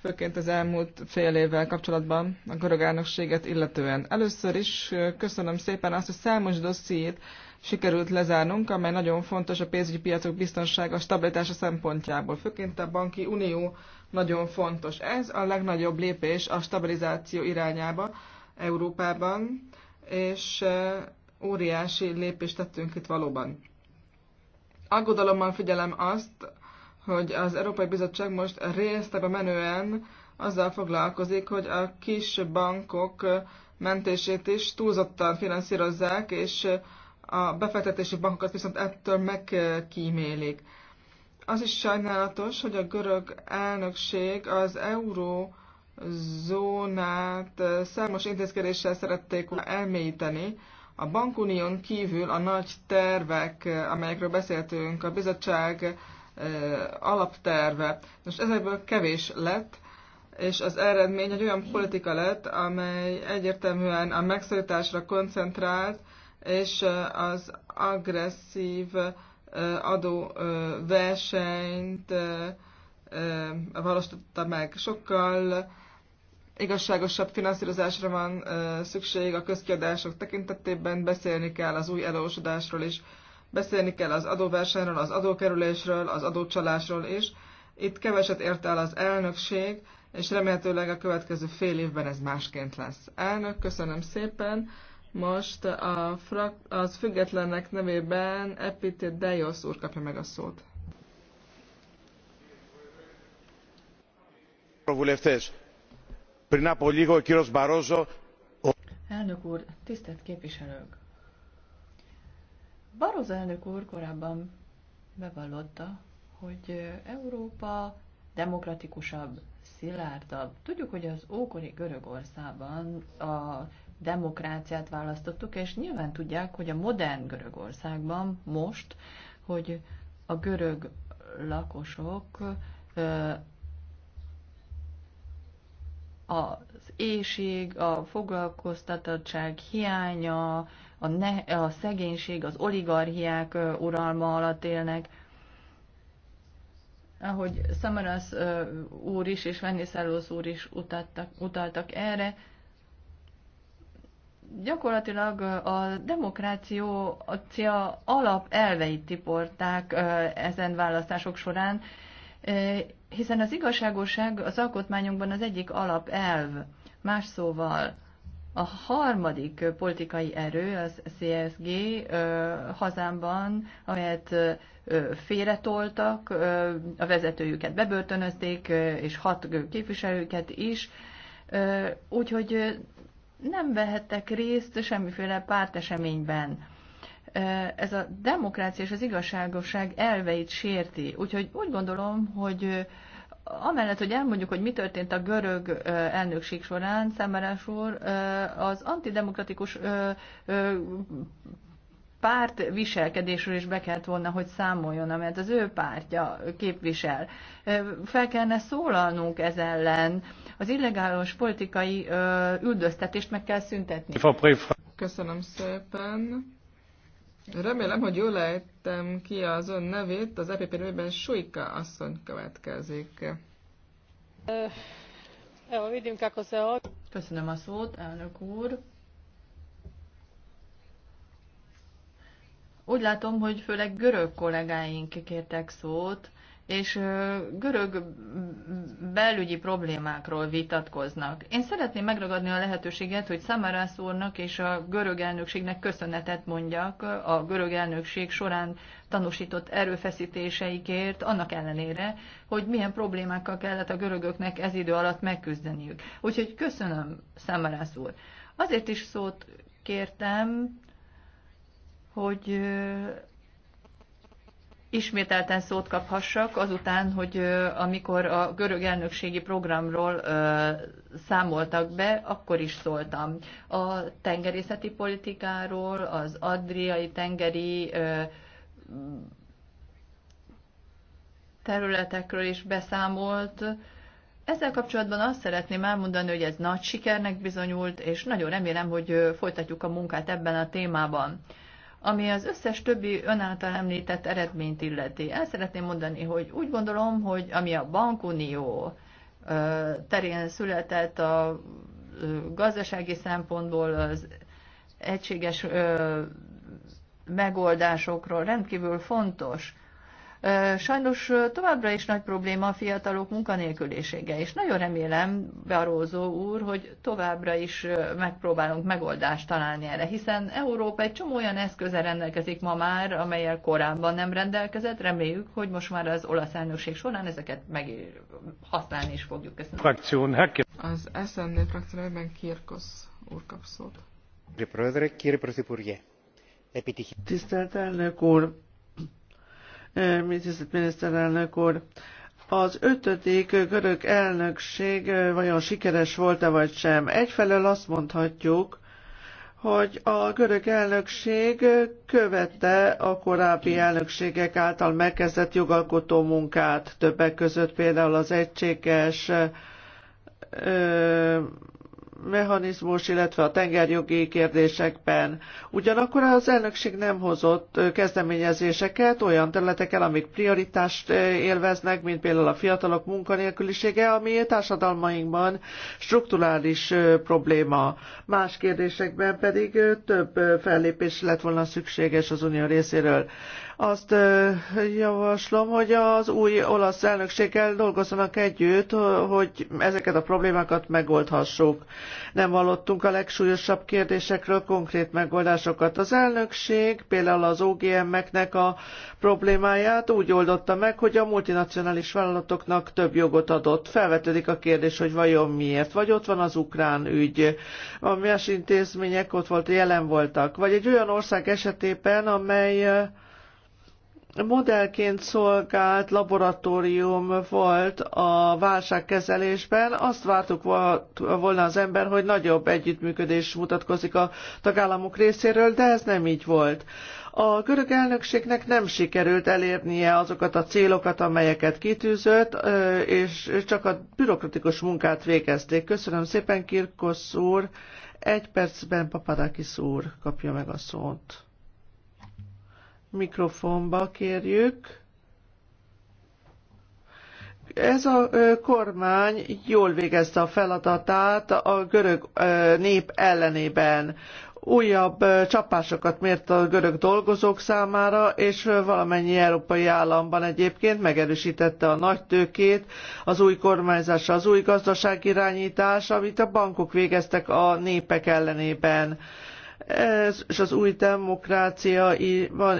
főként az elmúlt fél évvel kapcsolatban a görög elnökséget illetően. Először is köszönöm szépen azt, hogy számos dossziét sikerült lezárnunk, amely nagyon fontos a pénzügyi piacok biztonsága, stabilitása szempontjából. Főként a banki unió nagyon fontos. Ez a legnagyobb lépés a stabilizáció irányába Európában, és eh, óriási lépést tettünk itt valóban. Aggodalommal figyelem azt, hogy az Európai Bizottság most a menően azzal foglalkozik, hogy a kis bankok eh, mentését is túlzottan finanszírozzák, és eh, a befektetési bankokat viszont ettől megkímélik. Az is sajnálatos, hogy a görög elnökség az eurózónát számos intézkedéssel szerették elmélyíteni. A bankunión kívül a nagy tervek, amelyekről beszéltünk, a bizottság e, alapterve, most ezekből kevés lett, és az eredmény egy olyan politika lett, amely egyértelműen a megszorításra koncentrált, és az agresszív versenyt valósította meg. Sokkal igazságosabb finanszírozásra van szükség a közkiadások tekintetében, beszélni kell az új elósodásról is, beszélni kell az adóversenyről, az adókerülésről, az adócsalásról is. Itt keveset ért el az elnökség, és remélhetőleg a következő fél évben ez másként lesz. Elnök, köszönöm szépen! Most a frak, az függetlenek nevében Epité Dejosz úr kapja meg a szót. Elnök úr, tisztelt képviselők! Barroso elnök úr korábban bevallotta, hogy Európa demokratikusabb, szilárdabb. Tudjuk, hogy az ókori Görögországban a demokráciát választottuk, és nyilván tudják, hogy a modern Görögországban most, hogy a görög lakosok az éjség, a foglalkoztatottság hiánya, a, ne, a szegénység, az oligarchiák uralma alatt élnek. Ahogy Samaras úr is és Venizelos úr is utaltak, utaltak erre, gyakorlatilag a demokráció cia alap elveit tiporták ezen választások során, hiszen az igazságosság az alkotmányunkban az egyik alap elv, Más szóval a harmadik politikai erő, az CSG hazámban, amelyet félretoltak, a vezetőjüket bebörtönözték, és hat képviselőket is, úgyhogy nem vehettek részt semmiféle párteseményben. Ez a demokrácia és az igazságosság elveit sérti. Úgyhogy úgy gondolom, hogy amellett, hogy elmondjuk, hogy mi történt a görög elnökség során, Szemmeres úr, az antidemokratikus párt viselkedésről is be kellett volna, hogy számoljon, amelyet az ő pártja képvisel. Fel kellene szólalnunk ez ellen. Az illegális politikai üldöztetést meg kell szüntetni. Köszönöm szépen. Remélem, hogy jól ejtem ki az ön nevét. Az EPP nevében Sujka asszony következik. Köszönöm a szót, elnök úr. Úgy látom, hogy főleg görög kollégáink kértek szót, és görög belügyi problémákról vitatkoznak. Én szeretném megragadni a lehetőséget, hogy Szamarász úrnak és a görög elnökségnek köszönetet mondjak a görög elnökség során tanúsított erőfeszítéseikért, annak ellenére, hogy milyen problémákkal kellett a görögöknek ez idő alatt megküzdeniük. Úgyhogy köszönöm, Szamarász úr. Azért is szót kértem, hogy ismételten szót kaphassak, azután, hogy amikor a görög elnökségi programról számoltak be, akkor is szóltam. A tengerészeti politikáról, az adriai tengeri területekről is beszámolt. Ezzel kapcsolatban azt szeretném elmondani, hogy ez nagy sikernek bizonyult, és nagyon remélem, hogy folytatjuk a munkát ebben a témában ami az összes többi ön által említett eredményt illeti. El szeretném mondani, hogy úgy gondolom, hogy ami a bankunió terén született a gazdasági szempontból az egységes megoldásokról rendkívül fontos. Sajnos továbbra is nagy probléma a fiatalok munkanélkülisége, és nagyon remélem, Barózó úr, hogy továbbra is megpróbálunk megoldást találni erre, hiszen Európa egy csomó olyan eszköze rendelkezik ma már, amelyel korábban nem rendelkezett. Reméljük, hogy most már az olasz elnökség során ezeket meg használni is fogjuk. Köszönöm. Frakción, hát az SZND frakcióban Kirkosz úr kap szót. Tisztelt elnök úr, tisztelt miniszterelnök úr! Az ötödik görög elnökség vajon sikeres volt-e vagy sem? Egyfelől azt mondhatjuk, hogy a görög elnökség követte a korábbi elnökségek által megkezdett jogalkotó munkát, többek között például az egységes mechanizmus, illetve a tengerjogi kérdésekben. Ugyanakkor az elnökség nem hozott kezdeményezéseket olyan területeken, amik prioritást élveznek, mint például a fiatalok munkanélkülisége, ami társadalmainkban strukturális probléma. Más kérdésekben pedig több fellépés lett volna szükséges az unió részéről. Azt javaslom, hogy az új olasz elnökséggel dolgozzanak együtt, hogy ezeket a problémákat megoldhassuk. Nem hallottunk a legsúlyosabb kérdésekről konkrét megoldásokat. Az elnökség például az OGM-eknek a problémáját úgy oldotta meg, hogy a multinacionális vállalatoknak több jogot adott. Felvetődik a kérdés, hogy vajon miért. Vagy ott van az ukrán ügy, a más intézmények ott volt, jelen voltak. Vagy egy olyan ország esetében, amely modellként szolgált laboratórium volt a válságkezelésben. Azt vártuk volna az ember, hogy nagyobb együttműködés mutatkozik a tagállamok részéről, de ez nem így volt. A görög elnökségnek nem sikerült elérnie azokat a célokat, amelyeket kitűzött, és csak a bürokratikus munkát végezték. Köszönöm szépen, Kirkosz úr. Egy percben Papadakis úr kapja meg a szót mikrofonba kérjük. Ez a kormány jól végezte a feladatát a görög nép ellenében újabb csapásokat mért a görög dolgozók számára, és valamennyi európai államban egyébként megerősítette a nagy tőkét, az új kormányzás, az új gazdaságirányítás, amit a bankok végeztek a népek ellenében ez, és az új demokrácia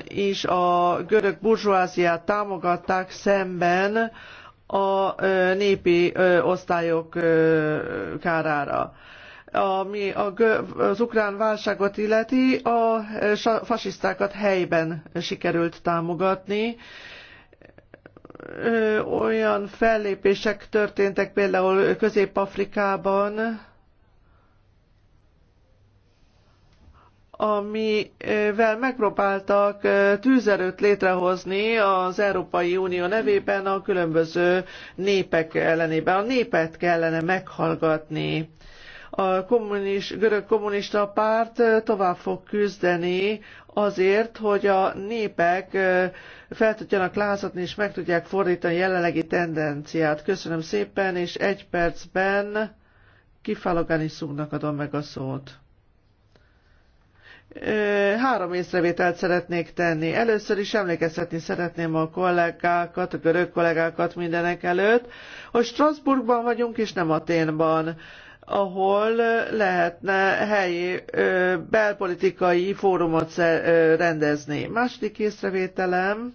is a görög burzsóáziát támogatták szemben a népi osztályok kárára ami az ukrán válságot illeti, a fasisztákat helyben sikerült támogatni. Olyan fellépések történtek például Közép-Afrikában, amivel megpróbáltak tűzerőt létrehozni az Európai Unió nevében a különböző népek ellenében. A népet kellene meghallgatni. A kommunis, görög kommunista párt tovább fog küzdeni azért, hogy a népek fel tudjanak lázadni és meg tudják fordítani a jelenlegi tendenciát. Köszönöm szépen, és egy percben Kifalogani szúrnak adom meg a szót. Három észrevételt szeretnék tenni. Először is emlékeztetni szeretném a kollégákat, a görög kollégákat mindenek előtt, hogy Strasbourgban vagyunk, és nem Aténban ahol lehetne helyi belpolitikai fórumot rendezni. Második észrevételem,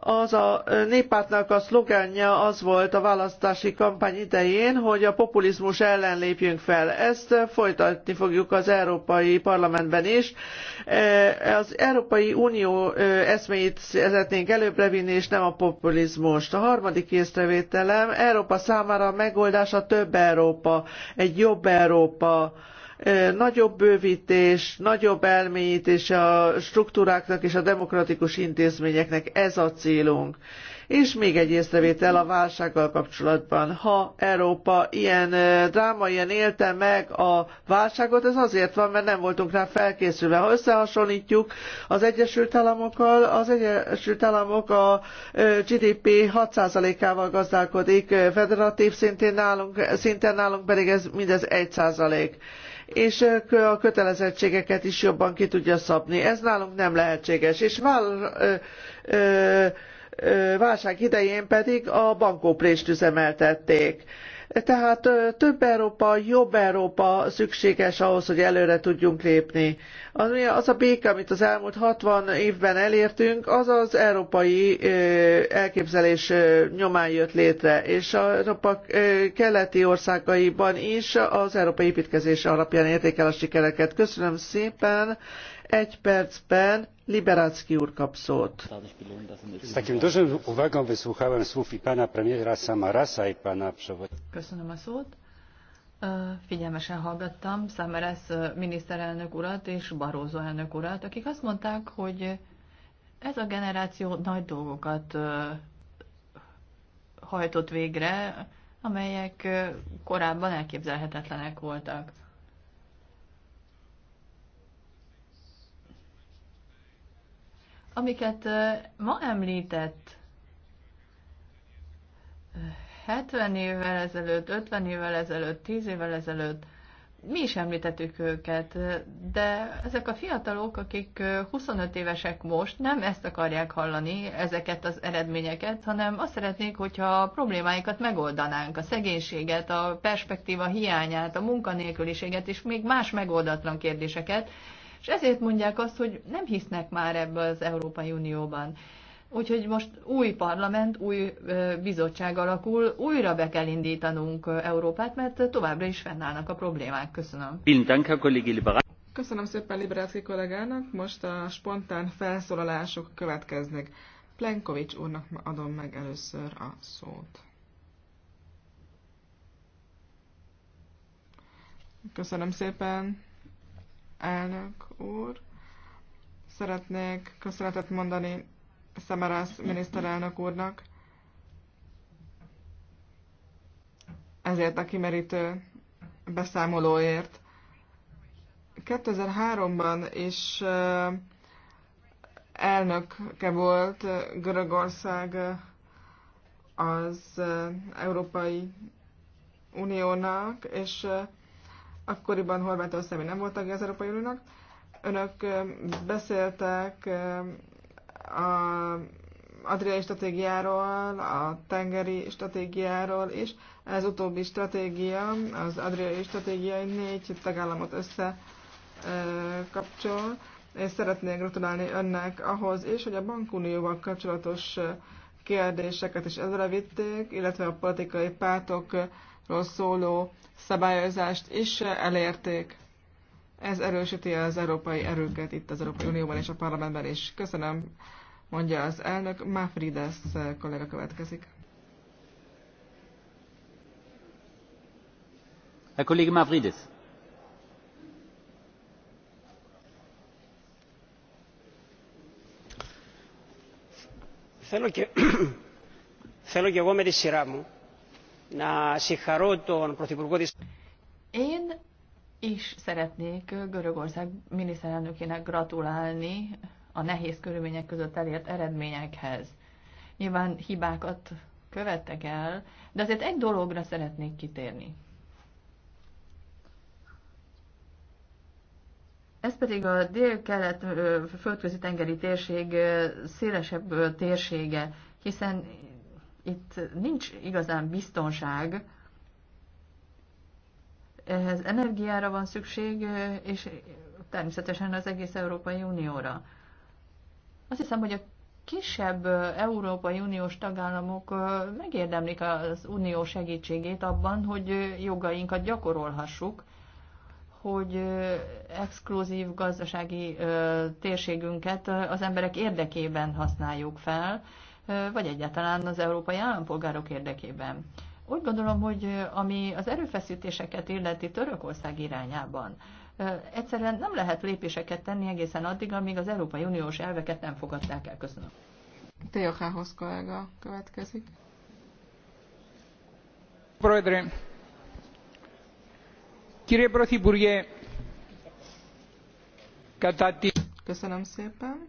az a néppártnak a szlogánja az volt a választási kampány idején, hogy a populizmus ellen lépjünk fel. Ezt folytatni fogjuk az Európai Parlamentben is. E, az Európai Unió e, eszméit szeretnénk előbbre vinni, és nem a populizmust. A harmadik észrevételem, Európa számára a megoldás a több Európa, egy jobb Európa nagyobb bővítés, nagyobb elmélyítés a struktúráknak és a demokratikus intézményeknek ez a célunk. És még egy észrevétel a válsággal kapcsolatban. Ha Európa ilyen drámaian élte meg a válságot, ez azért van, mert nem voltunk rá felkészülve. Ha összehasonlítjuk az Egyesült Államokkal, az Egyesült Államok a GDP 6%-ával gazdálkodik federatív szintén nálunk, szinten nálunk pedig ez mindez 1% és a kötelezettségeket is jobban ki tudja szabni. Ez nálunk nem lehetséges, és vál, ö, ö, válság idején pedig a bankóprést üzemeltették tehát több Európa, jobb Európa szükséges ahhoz, hogy előre tudjunk lépni. Az a béke, amit az elmúlt 60 évben elértünk, az az európai elképzelés nyomán jött létre, és Európa keleti országaiban is az európai építkezés alapján értékel a sikereket. Köszönöm szépen, egy percben Liberacki úr kap szót. Köszönöm a szót. Figyelmesen hallgattam Számeresz miniszterelnök urat és Barózó elnök urat, akik azt mondták, hogy ez a generáció nagy dolgokat hajtott végre, amelyek korábban elképzelhetetlenek voltak. amiket ma említett 70 évvel ezelőtt, 50 évvel ezelőtt, 10 évvel ezelőtt, mi is említettük őket, de ezek a fiatalok, akik 25 évesek most, nem ezt akarják hallani, ezeket az eredményeket, hanem azt szeretnék, hogyha a problémáikat megoldanánk, a szegénységet, a perspektíva hiányát, a munkanélküliséget és még más megoldatlan kérdéseket, és ezért mondják azt, hogy nem hisznek már ebbe az Európai Unióban. Úgyhogy most új parlament, új bizottság alakul, újra be kell indítanunk Európát, mert továbbra is fennállnak a problémák. Köszönöm. Köszönöm szépen Liberácki kollégának, most a spontán felszólalások következnek. Plenkovics úrnak adom meg először a szót. Köszönöm szépen elnök úr. Szeretnék köszönetet mondani Szemerász miniszterelnök úrnak ezért a kimerítő beszámolóért. 2003-ban is elnöke volt Görögország az Európai Uniónak, és Akkoriban Horvátország nem volt tagja az Európai Uniónak. Önök beszéltek a adriai stratégiáról, a tengeri stratégiáról is. Ez utóbbi stratégia, az adriai stratégiai négy tagállamot össze kapcsol, és szeretnék gratulálni önnek ahhoz is, hogy a bankunióval kapcsolatos kérdéseket is előre vitték, illetve a politikai pártok szóló szabályozást is elérték. Ez erősíti az európai erőket itt az Európai Unióban és a parlamentben is. Köszönöm, mondja az elnök. Máfrides kollega következik. A kollega Mavridis. Θέλω και, (coughs) θέλω και εγώ én is szeretnék Görögország miniszterelnökének gratulálni a nehéz körülmények között elért eredményekhez. Nyilván hibákat követtek el, de azért egy dologra szeretnék kitérni. Ez pedig a dél-kelet földközi tengeri térség szélesebb térsége, hiszen itt nincs igazán biztonság, ehhez energiára van szükség, és természetesen az egész Európai Unióra. Azt hiszem, hogy a kisebb Európai Uniós tagállamok megérdemlik az unió segítségét abban, hogy jogainkat gyakorolhassuk, hogy exkluzív gazdasági térségünket az emberek érdekében használjuk fel, vagy egyáltalán az európai állampolgárok érdekében. Úgy gondolom, hogy ami az erőfeszítéseket illeti Törökország irányában, egyszerűen nem lehet lépéseket tenni egészen addig, amíg az Európai Uniós elveket nem fogadták el. Köszönöm. Teohához kollega következik. Πρόεδρε, Kire Πρωθυπουργέ, κατά Köszönöm szépen.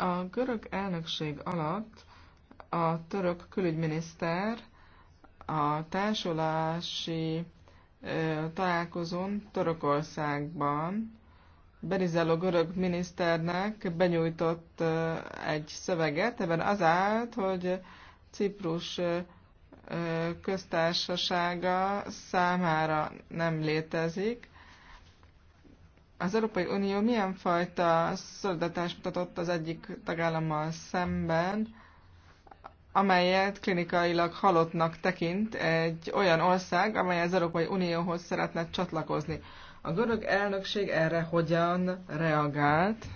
A görög elnökség alatt a török külügyminiszter a társulási találkozón Törökországban Benizello görög miniszternek benyújtott egy szöveget, ebben az állt, hogy Ciprus köztársasága számára nem létezik, az Európai Unió milyen fajta szolidatást mutatott az egyik tagállammal szemben, amelyet klinikailag halottnak tekint egy olyan ország, amely az Európai Unióhoz szeretne csatlakozni. A görög elnökség erre hogyan reagált?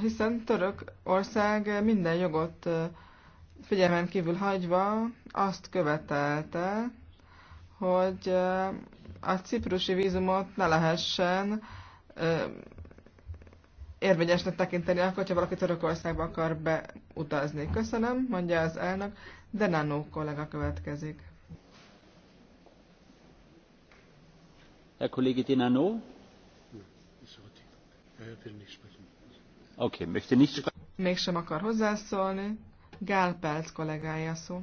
Hiszen ország minden jogot figyelmen kívül hagyva azt követelte, hogy a ciprusi vízumot ne lehessen érvényesnek tekinteni, akkor, ha valaki Törökországba akar beutazni. Köszönöm, mondja az elnök, de Nano kollega következik. Herr Kollege Dinano? Oké, okay, Mégsem akar hozzászólni. Gál Pelc kollégája szó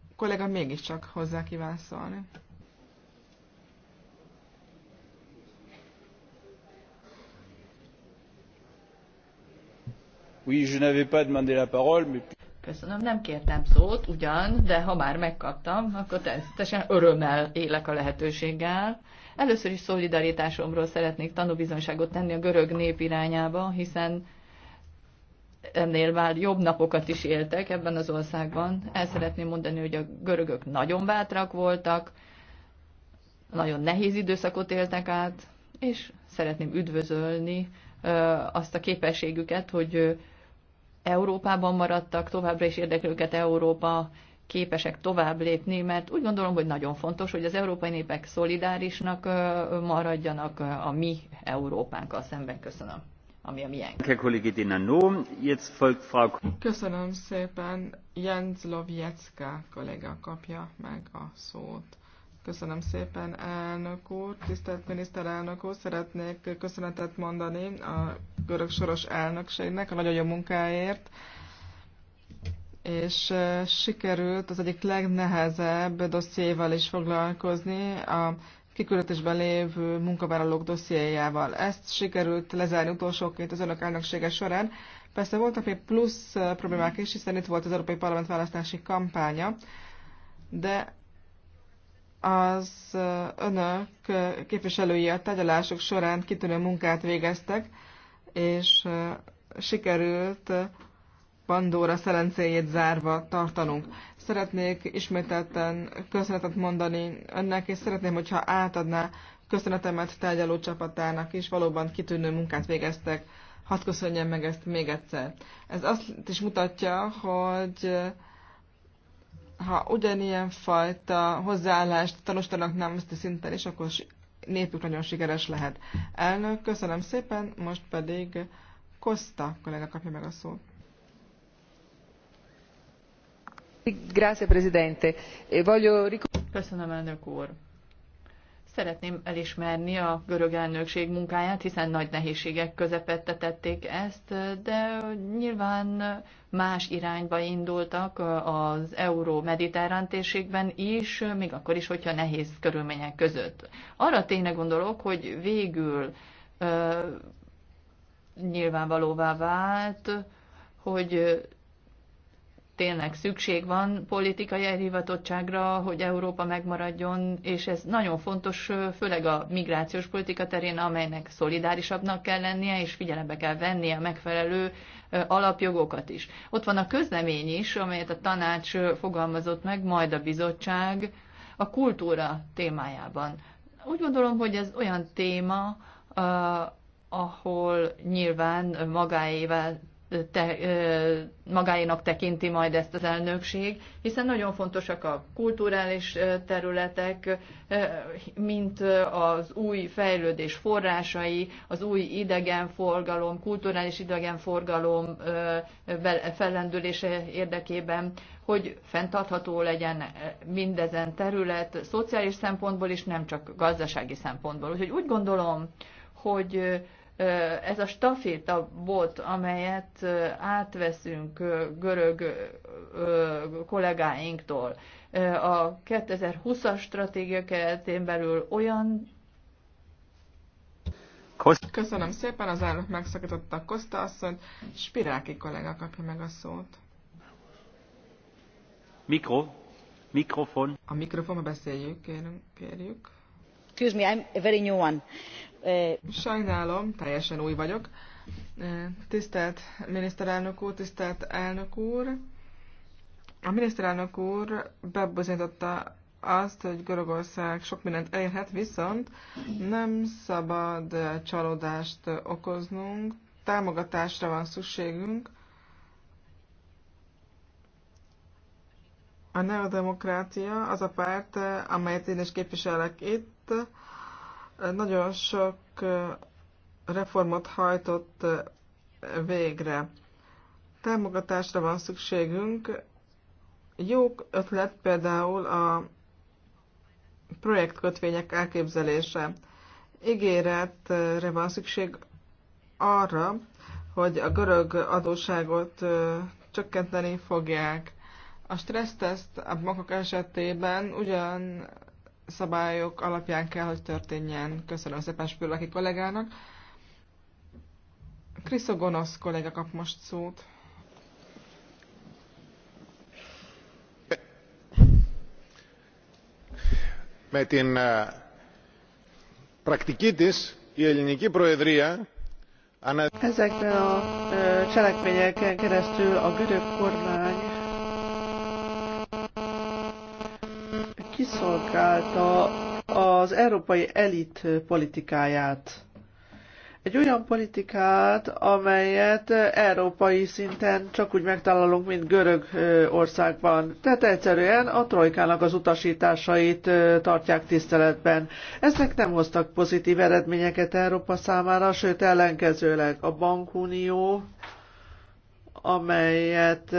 kollega mégiscsak hozzá kíván szólni. Oui, je n'avais pas demandé la parole, mais... Köszönöm, nem kértem szót, ugyan, de ha már megkaptam, akkor természetesen örömmel élek a lehetőséggel. Először is szolidaritásomról szeretnék tanúbizonyságot tenni a görög nép irányába, hiszen ennél már jobb napokat is éltek ebben az országban. El szeretném mondani, hogy a görögök nagyon bátrak voltak, nagyon nehéz időszakot éltek át, és szeretném üdvözölni azt a képességüket, hogy Európában maradtak, továbbra is érdekli őket Európa, képesek tovább lépni, mert úgy gondolom, hogy nagyon fontos, hogy az európai népek szolidárisnak maradjanak a mi Európánkkal szemben. Köszönöm ami a miénk. Köszönöm szépen, Jens Lovjecka kollega kapja meg a szót. Köszönöm szépen, elnök úr, tisztelt miniszterelnök úr, szeretnék köszönetet mondani a görög soros elnökségnek a nagyon jó munkáért, és eh, sikerült az egyik legnehezebb dossziéval is foglalkozni, a kiküldetésben lévő munkavállalók dossziéjával. Ezt sikerült lezárni utolsóként az önök elnöksége során. Persze voltak még plusz problémák is, hiszen itt volt az Európai Parlament választási kampánya, de az önök képviselői a tárgyalások során kitűnő munkát végeztek, és sikerült Pandora szelencéjét zárva tartanunk. Szeretnék ismételten köszönetet mondani önnek, és szeretném, hogyha átadná köszönetemet tárgyaló csapatának is, valóban kitűnő munkát végeztek. Hadd köszönjem meg ezt még egyszer. Ez azt is mutatja, hogy ha ugyanilyen fajta hozzáállást tanúsítanak nemzeti szinten is, akkor népük nagyon sikeres lehet. Elnök, köszönöm szépen, most pedig Kosta kollega kapja meg a szót. E Köszönöm, Szeretném elismerni a görög elnökség munkáját, hiszen nagy nehézségek közepette tették ezt, de nyilván más irányba indultak az euró-mediterrán térségben is, még akkor is, hogyha nehéz körülmények között. Arra tényleg gondolok, hogy végül nyilvánvalóvá vált, hogy tényleg szükség van politikai elhivatottságra, hogy Európa megmaradjon, és ez nagyon fontos, főleg a migrációs politika terén, amelynek szolidárisabbnak kell lennie, és figyelembe kell vennie a megfelelő alapjogokat is. Ott van a közlemény is, amelyet a tanács fogalmazott meg, majd a bizottság a kultúra témájában. Úgy gondolom, hogy ez olyan téma, ahol nyilván magáével te, magáénak tekinti majd ezt az elnökség, hiszen nagyon fontosak a kulturális területek, mint az új fejlődés forrásai, az új idegenforgalom, kulturális idegenforgalom fellendülése érdekében, hogy fenntartható legyen mindezen terület, szociális szempontból is, nem csak gazdasági szempontból. Úgyhogy úgy gondolom, hogy ez a staféta bot, amelyet átveszünk görög kollégáinktól, a 2020-as stratégia keretén belül olyan Köszönöm szépen, az elnök megszakította a Koszta asszonyt. Spiráki kollega kapja meg a szót. Mikro. Mikrofon. A mikrofonba beszéljük, kérünk, kérjük. Excuse me, I'm a very new one. Sajnálom, teljesen új vagyok. Tisztelt miniszterelnök úr, tisztelt elnök úr. A miniszterelnök úr bebizonyította azt, hogy Görögország sok mindent elérhet, viszont nem szabad csalódást okoznunk, támogatásra van szükségünk. A neodemokrácia az a párt, amelyet én is képviselek itt, nagyon sok reformot hajtott végre. Támogatásra van szükségünk. Jó ötlet például a projektkötvények elképzelése. Ígéretre van szükség arra, hogy a görög adóságot csökkenteni fogják. A stresszteszt a bankok esetében ugyan szabályok alapján kell, hogy történjen. Köszönöm szépen Spürlaki kollégának. Gonosz kolléga kap most szót. Με την πρακτική της, η ελληνική προεδρία Ezekben a cselekményeken keresztül a görög kormány kiszolgálta az európai elit politikáját. Egy olyan politikát, amelyet európai szinten csak úgy megtalálunk, mint görög országban. Tehát egyszerűen a trojkának az utasításait tartják tiszteletben. Ezek nem hoztak pozitív eredményeket Európa számára, sőt ellenkezőleg a bankunió, amelyet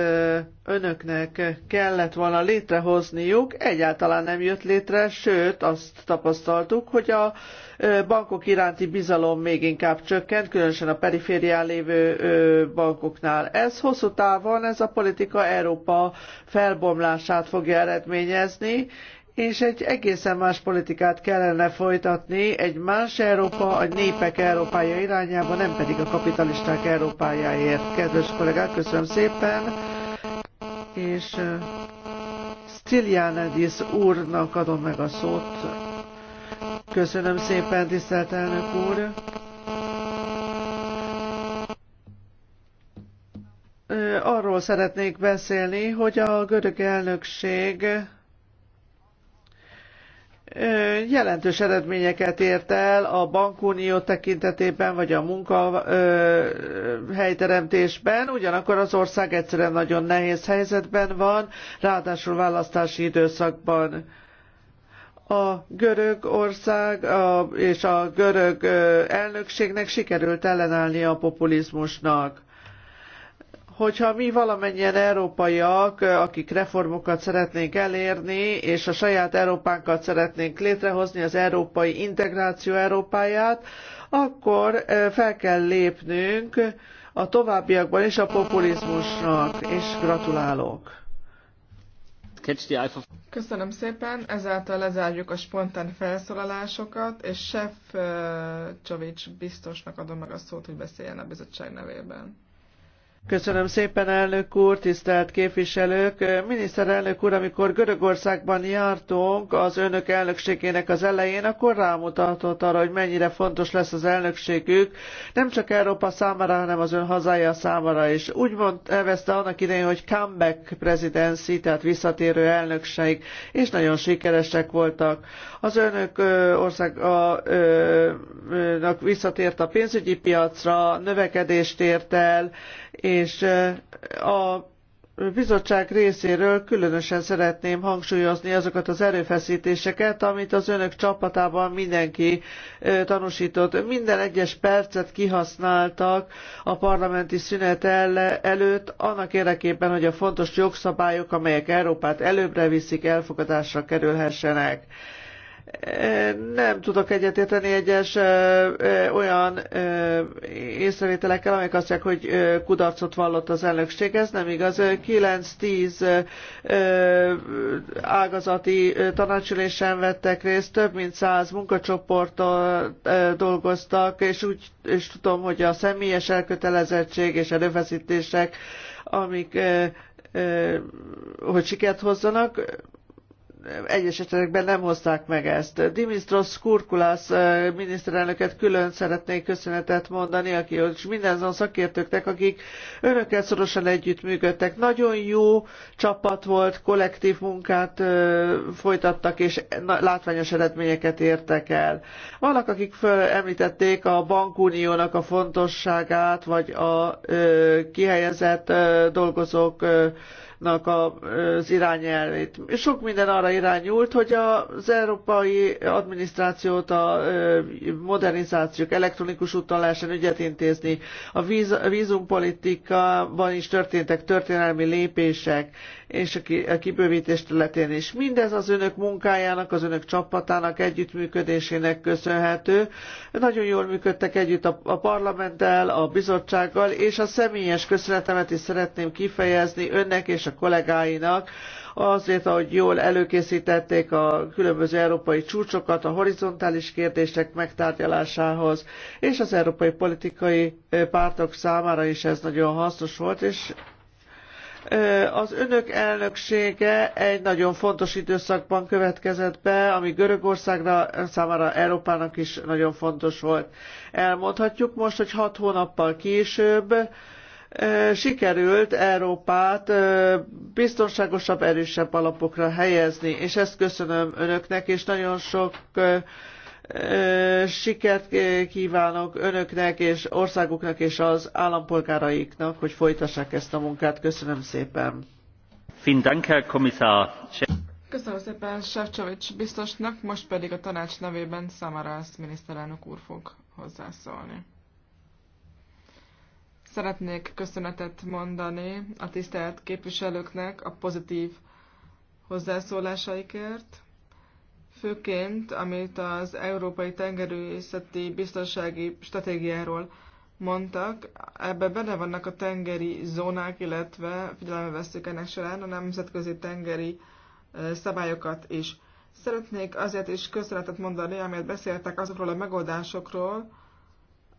önöknek kellett volna létrehozniuk, egyáltalán nem jött létre, sőt azt tapasztaltuk, hogy a bankok iránti bizalom még inkább csökkent, különösen a periférián lévő bankoknál. Ez hosszú távon, ez a politika Európa felbomlását fogja eredményezni, és egy egészen más politikát kellene folytatni, egy más Európa, a népek Európája irányába, nem pedig a kapitalisták Európájáért. Kedves kollégák, köszönöm szépen, és Stylianidis úrnak adom meg a szót. Köszönöm szépen, tisztelt elnök úr! Arról szeretnék beszélni, hogy a görög elnökség jelentős eredményeket ért el a bankunió tekintetében, vagy a munkahelyteremtésben, ugyanakkor az ország egyszerűen nagyon nehéz helyzetben van, ráadásul választási időszakban. A görög ország és a görög elnökségnek sikerült ellenállni a populizmusnak hogyha mi valamennyien európaiak, akik reformokat szeretnénk elérni, és a saját Európánkat szeretnénk létrehozni, az európai integráció Európáját, akkor fel kell lépnünk a továbbiakban is a populizmusnak, és gratulálok! Köszönöm szépen, ezáltal lezárjuk a spontán felszólalásokat, és Chef Csavics biztosnak adom meg a szót, hogy beszéljen a bizottság nevében. Köszönöm szépen, elnök úr, tisztelt képviselők! Miniszterelnök úr, amikor Görögországban jártunk az önök elnökségének az elején, akkor rámutatott arra, hogy mennyire fontos lesz az elnökségük, nem csak Európa számára, hanem az ön hazája számára is. Úgy mond, elveszte annak idején, hogy comeback presidency, tehát visszatérő elnökség, és nagyon sikeresek voltak. Az önök országnak visszatért a pénzügyi piacra, növekedést ért el, és a bizottság részéről különösen szeretném hangsúlyozni azokat az erőfeszítéseket, amit az önök csapatában mindenki tanúsított. Minden egyes percet kihasználtak a parlamenti szünet előtt annak érdekében, hogy a fontos jogszabályok, amelyek Európát előbbre viszik, elfogadásra kerülhessenek. Nem tudok egyetérteni egyes olyan észrevételekkel, amelyek azt mondják, hogy kudarcot vallott az elnökség. Ez nem igaz. 9-10 ágazati tanácsülésen vettek részt, több mint 100 munkacsoporttal dolgoztak, és úgy és tudom, hogy a személyes elkötelezettség és erőfeszítések, amik hogy sikert hozzanak, egyes esetekben nem hozták meg ezt. Dimitros Kurkulász eh, miniszterelnöket külön szeretnék köszönetet mondani, aki és mindazon szakértőknek, akik önökkel szorosan együttműködtek. Nagyon jó csapat volt, kollektív munkát eh, folytattak, és látványos eredményeket értek el. Vannak, akik föl említették a bankuniónak a fontosságát, vagy a eh, kihelyezett dolgozók az irányelvét. Sok minden arra irányult, hogy az európai adminisztrációt a modernizációk, elektronikus úton lehessen ügyet intézni. A víz, vízumpolitikában is történtek történelmi lépések, és a kibővítés területén is. Mindez az önök munkájának, az önök csapatának együttműködésének köszönhető. Nagyon jól működtek együtt a, a parlamenttel, a bizottsággal, és a személyes köszönetemet is szeretném kifejezni önnek és a kollégáinak, azért, ahogy jól előkészítették a különböző európai csúcsokat a horizontális kérdések megtárgyalásához, és az európai politikai eh, pártok számára is ez nagyon hasznos volt, és az önök elnöksége egy nagyon fontos időszakban következett be, ami Görögországra, számára Európának is nagyon fontos volt. Elmondhatjuk most, hogy hat hónappal később sikerült Európát biztonságosabb, erősebb alapokra helyezni, és ezt köszönöm önöknek, és nagyon sok Sikert kívánok önöknek és országuknak és az állampolgáraiknak, hogy folytassák ezt a munkát. Köszönöm szépen. Köszönöm szépen Sefcsovics biztosnak, most pedig a tanács nevében Samaras miniszterelnök úr fog hozzászólni. Szeretnék köszönetet mondani a tisztelt képviselőknek a pozitív hozzászólásaikért főként, amit az Európai Tengerőészeti Biztonsági Stratégiáról mondtak, ebbe benne vannak a tengeri zónák, illetve figyelembe veszük ennek során a nemzetközi tengeri szabályokat is. Szeretnék azért is köszönetet mondani, amelyet beszéltek azokról a megoldásokról,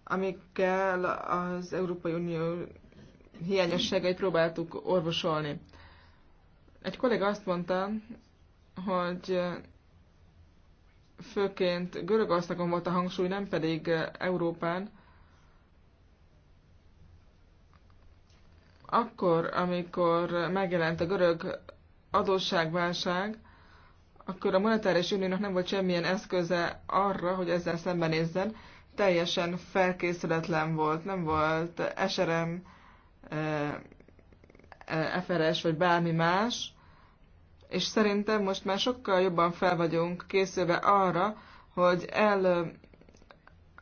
amikkel az Európai Unió hiányosságait próbáltuk orvosolni. Egy kollega azt mondta, hogy főként Görögországon volt a hangsúly, nem pedig eh, Európán, akkor, amikor megjelent a görög adósságválság, akkor a monetáris uniónak nem volt semmilyen eszköze arra, hogy ezzel szembenézzen. Teljesen felkészületlen volt, nem volt SRM, eh, eh, FRS vagy bármi más és szerintem most már sokkal jobban fel vagyunk készülve arra, hogy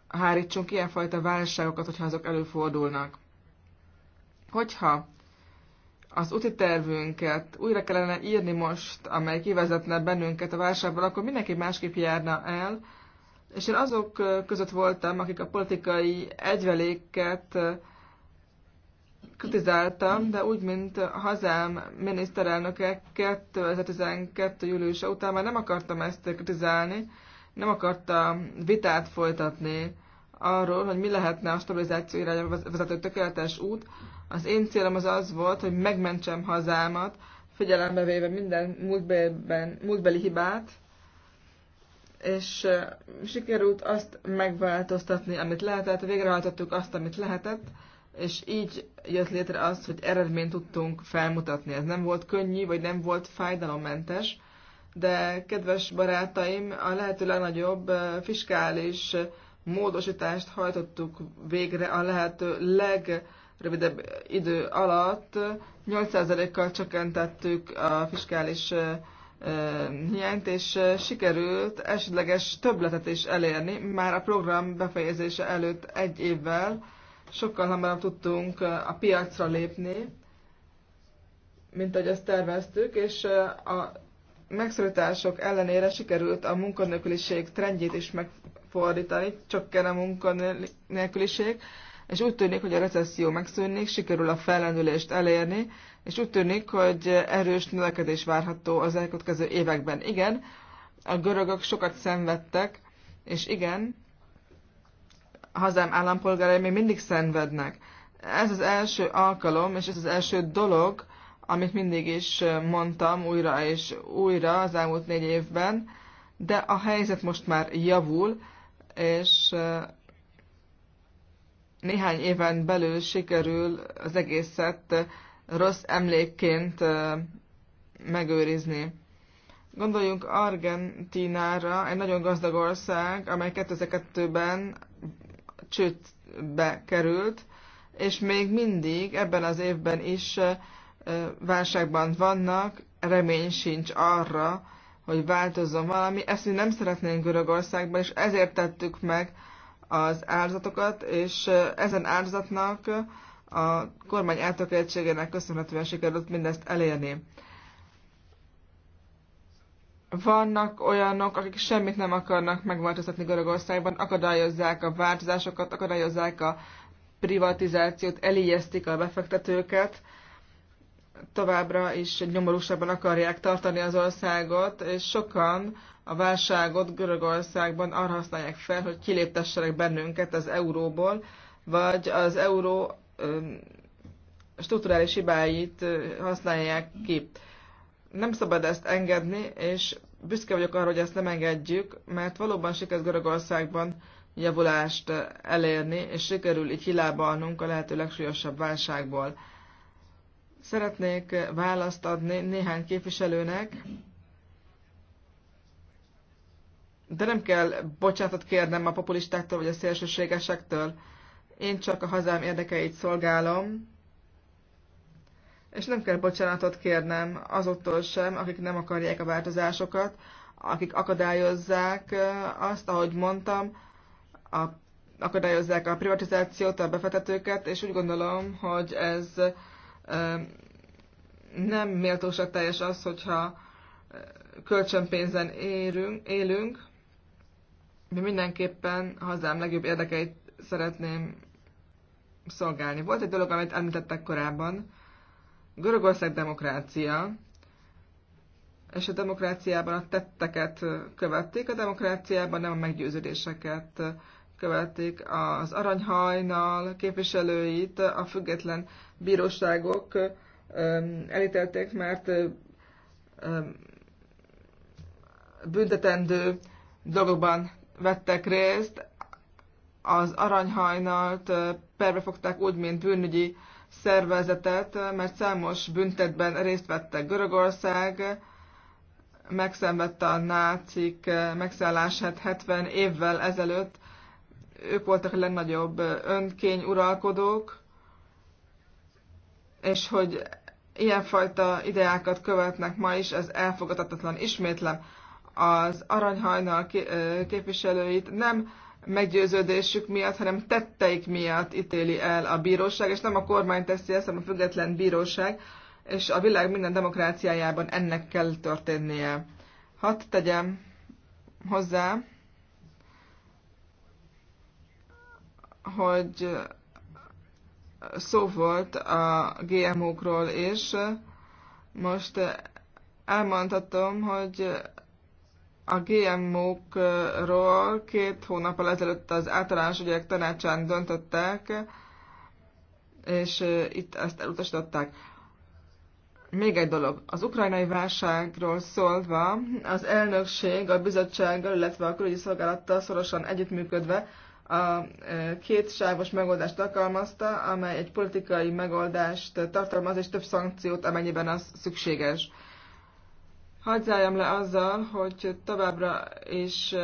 elhárítsunk ilyenfajta válságokat, hogyha azok előfordulnak. Hogyha az úti tervünket újra kellene írni most, amely kivezetne bennünket a válságból, akkor mindenki másképp járna el, és én azok között voltam, akik a politikai egyveléket kritizáltam, de úgy, mint a hazám miniszterelnöke 2012. júliusa után már nem akartam ezt kritizálni, nem akartam vitát folytatni arról, hogy mi lehetne a stabilizáció irányába vezető tökéletes út. Az én célom az az volt, hogy megmentsem hazámat, figyelembe véve minden múltbeliben, múltbeli hibát, és sikerült azt megváltoztatni, amit lehetett, végrehajtottuk azt, amit lehetett, és így jött létre az, hogy eredményt tudtunk felmutatni. Ez nem volt könnyű, vagy nem volt fájdalommentes, de kedves barátaim, a lehető legnagyobb fiskális módosítást hajtottuk végre a lehető legrövidebb idő alatt. 8%-kal csökkentettük a fiskális hiányt, és sikerült esetleges többletet is elérni már a program befejezése előtt egy évvel, sokkal hamarabb tudtunk a piacra lépni, mint ahogy ezt terveztük, és a megszorítások ellenére sikerült a munkanélküliség trendjét is megfordítani, csökken a munkanélküliség, és úgy tűnik, hogy a recesszió megszűnik, sikerül a fellendülést elérni, és úgy tűnik, hogy erős növekedés várható az elkövetkező években. Igen, a görögök sokat szenvedtek, és igen, hazám állampolgárai még mindig szenvednek. Ez az első alkalom, és ez az első dolog, amit mindig is mondtam újra és újra az elmúlt négy évben, de a helyzet most már javul, és néhány éven belül sikerül az egészet rossz emlékként megőrizni. Gondoljunk Argentinára, egy nagyon gazdag ország, amely 2002-ben csődbe került, és még mindig ebben az évben is válságban vannak, remény sincs arra, hogy változzon valami. Ezt mi nem szeretnénk Görögországban, és ezért tettük meg az áldozatokat, és ezen áldozatnak a kormány eltökéltségének köszönhetően sikerült mindezt elérni. Vannak olyanok, akik semmit nem akarnak megváltoztatni Görögországban, akadályozzák a változásokat, akadályozzák a privatizációt, elijesztik a befektetőket, továbbra is nyomorúsabban akarják tartani az országot, és sokan a válságot Görögországban arra használják fel, hogy kiléptessenek bennünket az euróból, vagy az euró strukturális hibáit használják ki nem szabad ezt engedni, és büszke vagyok arra, hogy ezt nem engedjük, mert valóban sikerült Görögországban javulást eh, elérni, és sikerül így hilábalnunk a lehető legsúlyosabb válságból. Szeretnék eh, választ adni néhány képviselőnek, de nem kell bocsánatot kérnem a populistáktól vagy a szélsőségesektől. Én csak a hazám érdekeit szolgálom, és nem kell bocsánatot kérnem azoktól sem, akik nem akarják a változásokat, akik akadályozzák azt, ahogy mondtam, a, akadályozzák a privatizációt, a befektetőket, és úgy gondolom, hogy ez nem méltóság teljes az, hogyha kölcsönpénzen érünk, élünk. Mi mindenképpen hazám legjobb érdekeit szeretném szolgálni. Volt egy dolog, amit említettek korábban, Görögország demokrácia, és a demokráciában a tetteket követték, a demokráciában nem a meggyőződéseket követték. Az aranyhajnal képviselőit a független bíróságok elítelték, mert büntetendő dolgokban vettek részt. Az aranyhajnalt perbe fogták úgy, mint bűnügyi szervezetet, mert számos büntetben részt vettek Görögország, megszenvedte a nácik megszállását 70 évvel ezelőtt. Ők voltak a legnagyobb önkény uralkodók, és hogy ilyenfajta ideákat követnek ma is, ez elfogadhatatlan. Ismétlem, az aranyhajnal képviselőit nem meggyőződésük miatt, hanem tetteik miatt ítéli el a bíróság, és nem a kormány teszi ezt, hanem a független bíróság, és a világ minden demokráciájában ennek kell történnie. Hadd tegyem hozzá, hogy szó volt a GMO-król is. Most elmondhatom, hogy a GMO-król két hónap ezelőtt az általános ügyek tanácsán döntöttek, és itt ezt elutasították. Még egy dolog. Az ukrajnai válságról szólva, az elnökség a bizottsággal, illetve a külügyi szolgálattal szorosan együttműködve a két sávos megoldást alkalmazta, amely egy politikai megoldást tartalmaz, és több szankciót, amennyiben az szükséges. Hadd zárjam le azzal, hogy továbbra is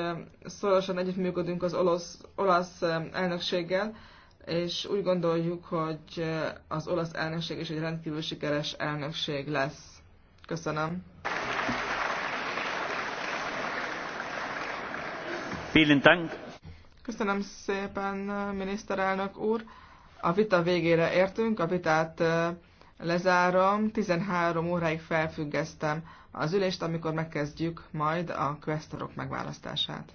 szorosan együttműködünk az olasz, olasz elnökséggel, és úgy gondoljuk, hogy az olasz elnökség is egy rendkívül sikeres elnökség lesz. Köszönöm. Köszönöm szépen, miniszterelnök úr. A vita végére értünk, a vitát lezárom, 13 óráig felfüggesztem az ülést, amikor megkezdjük majd a questorok megválasztását.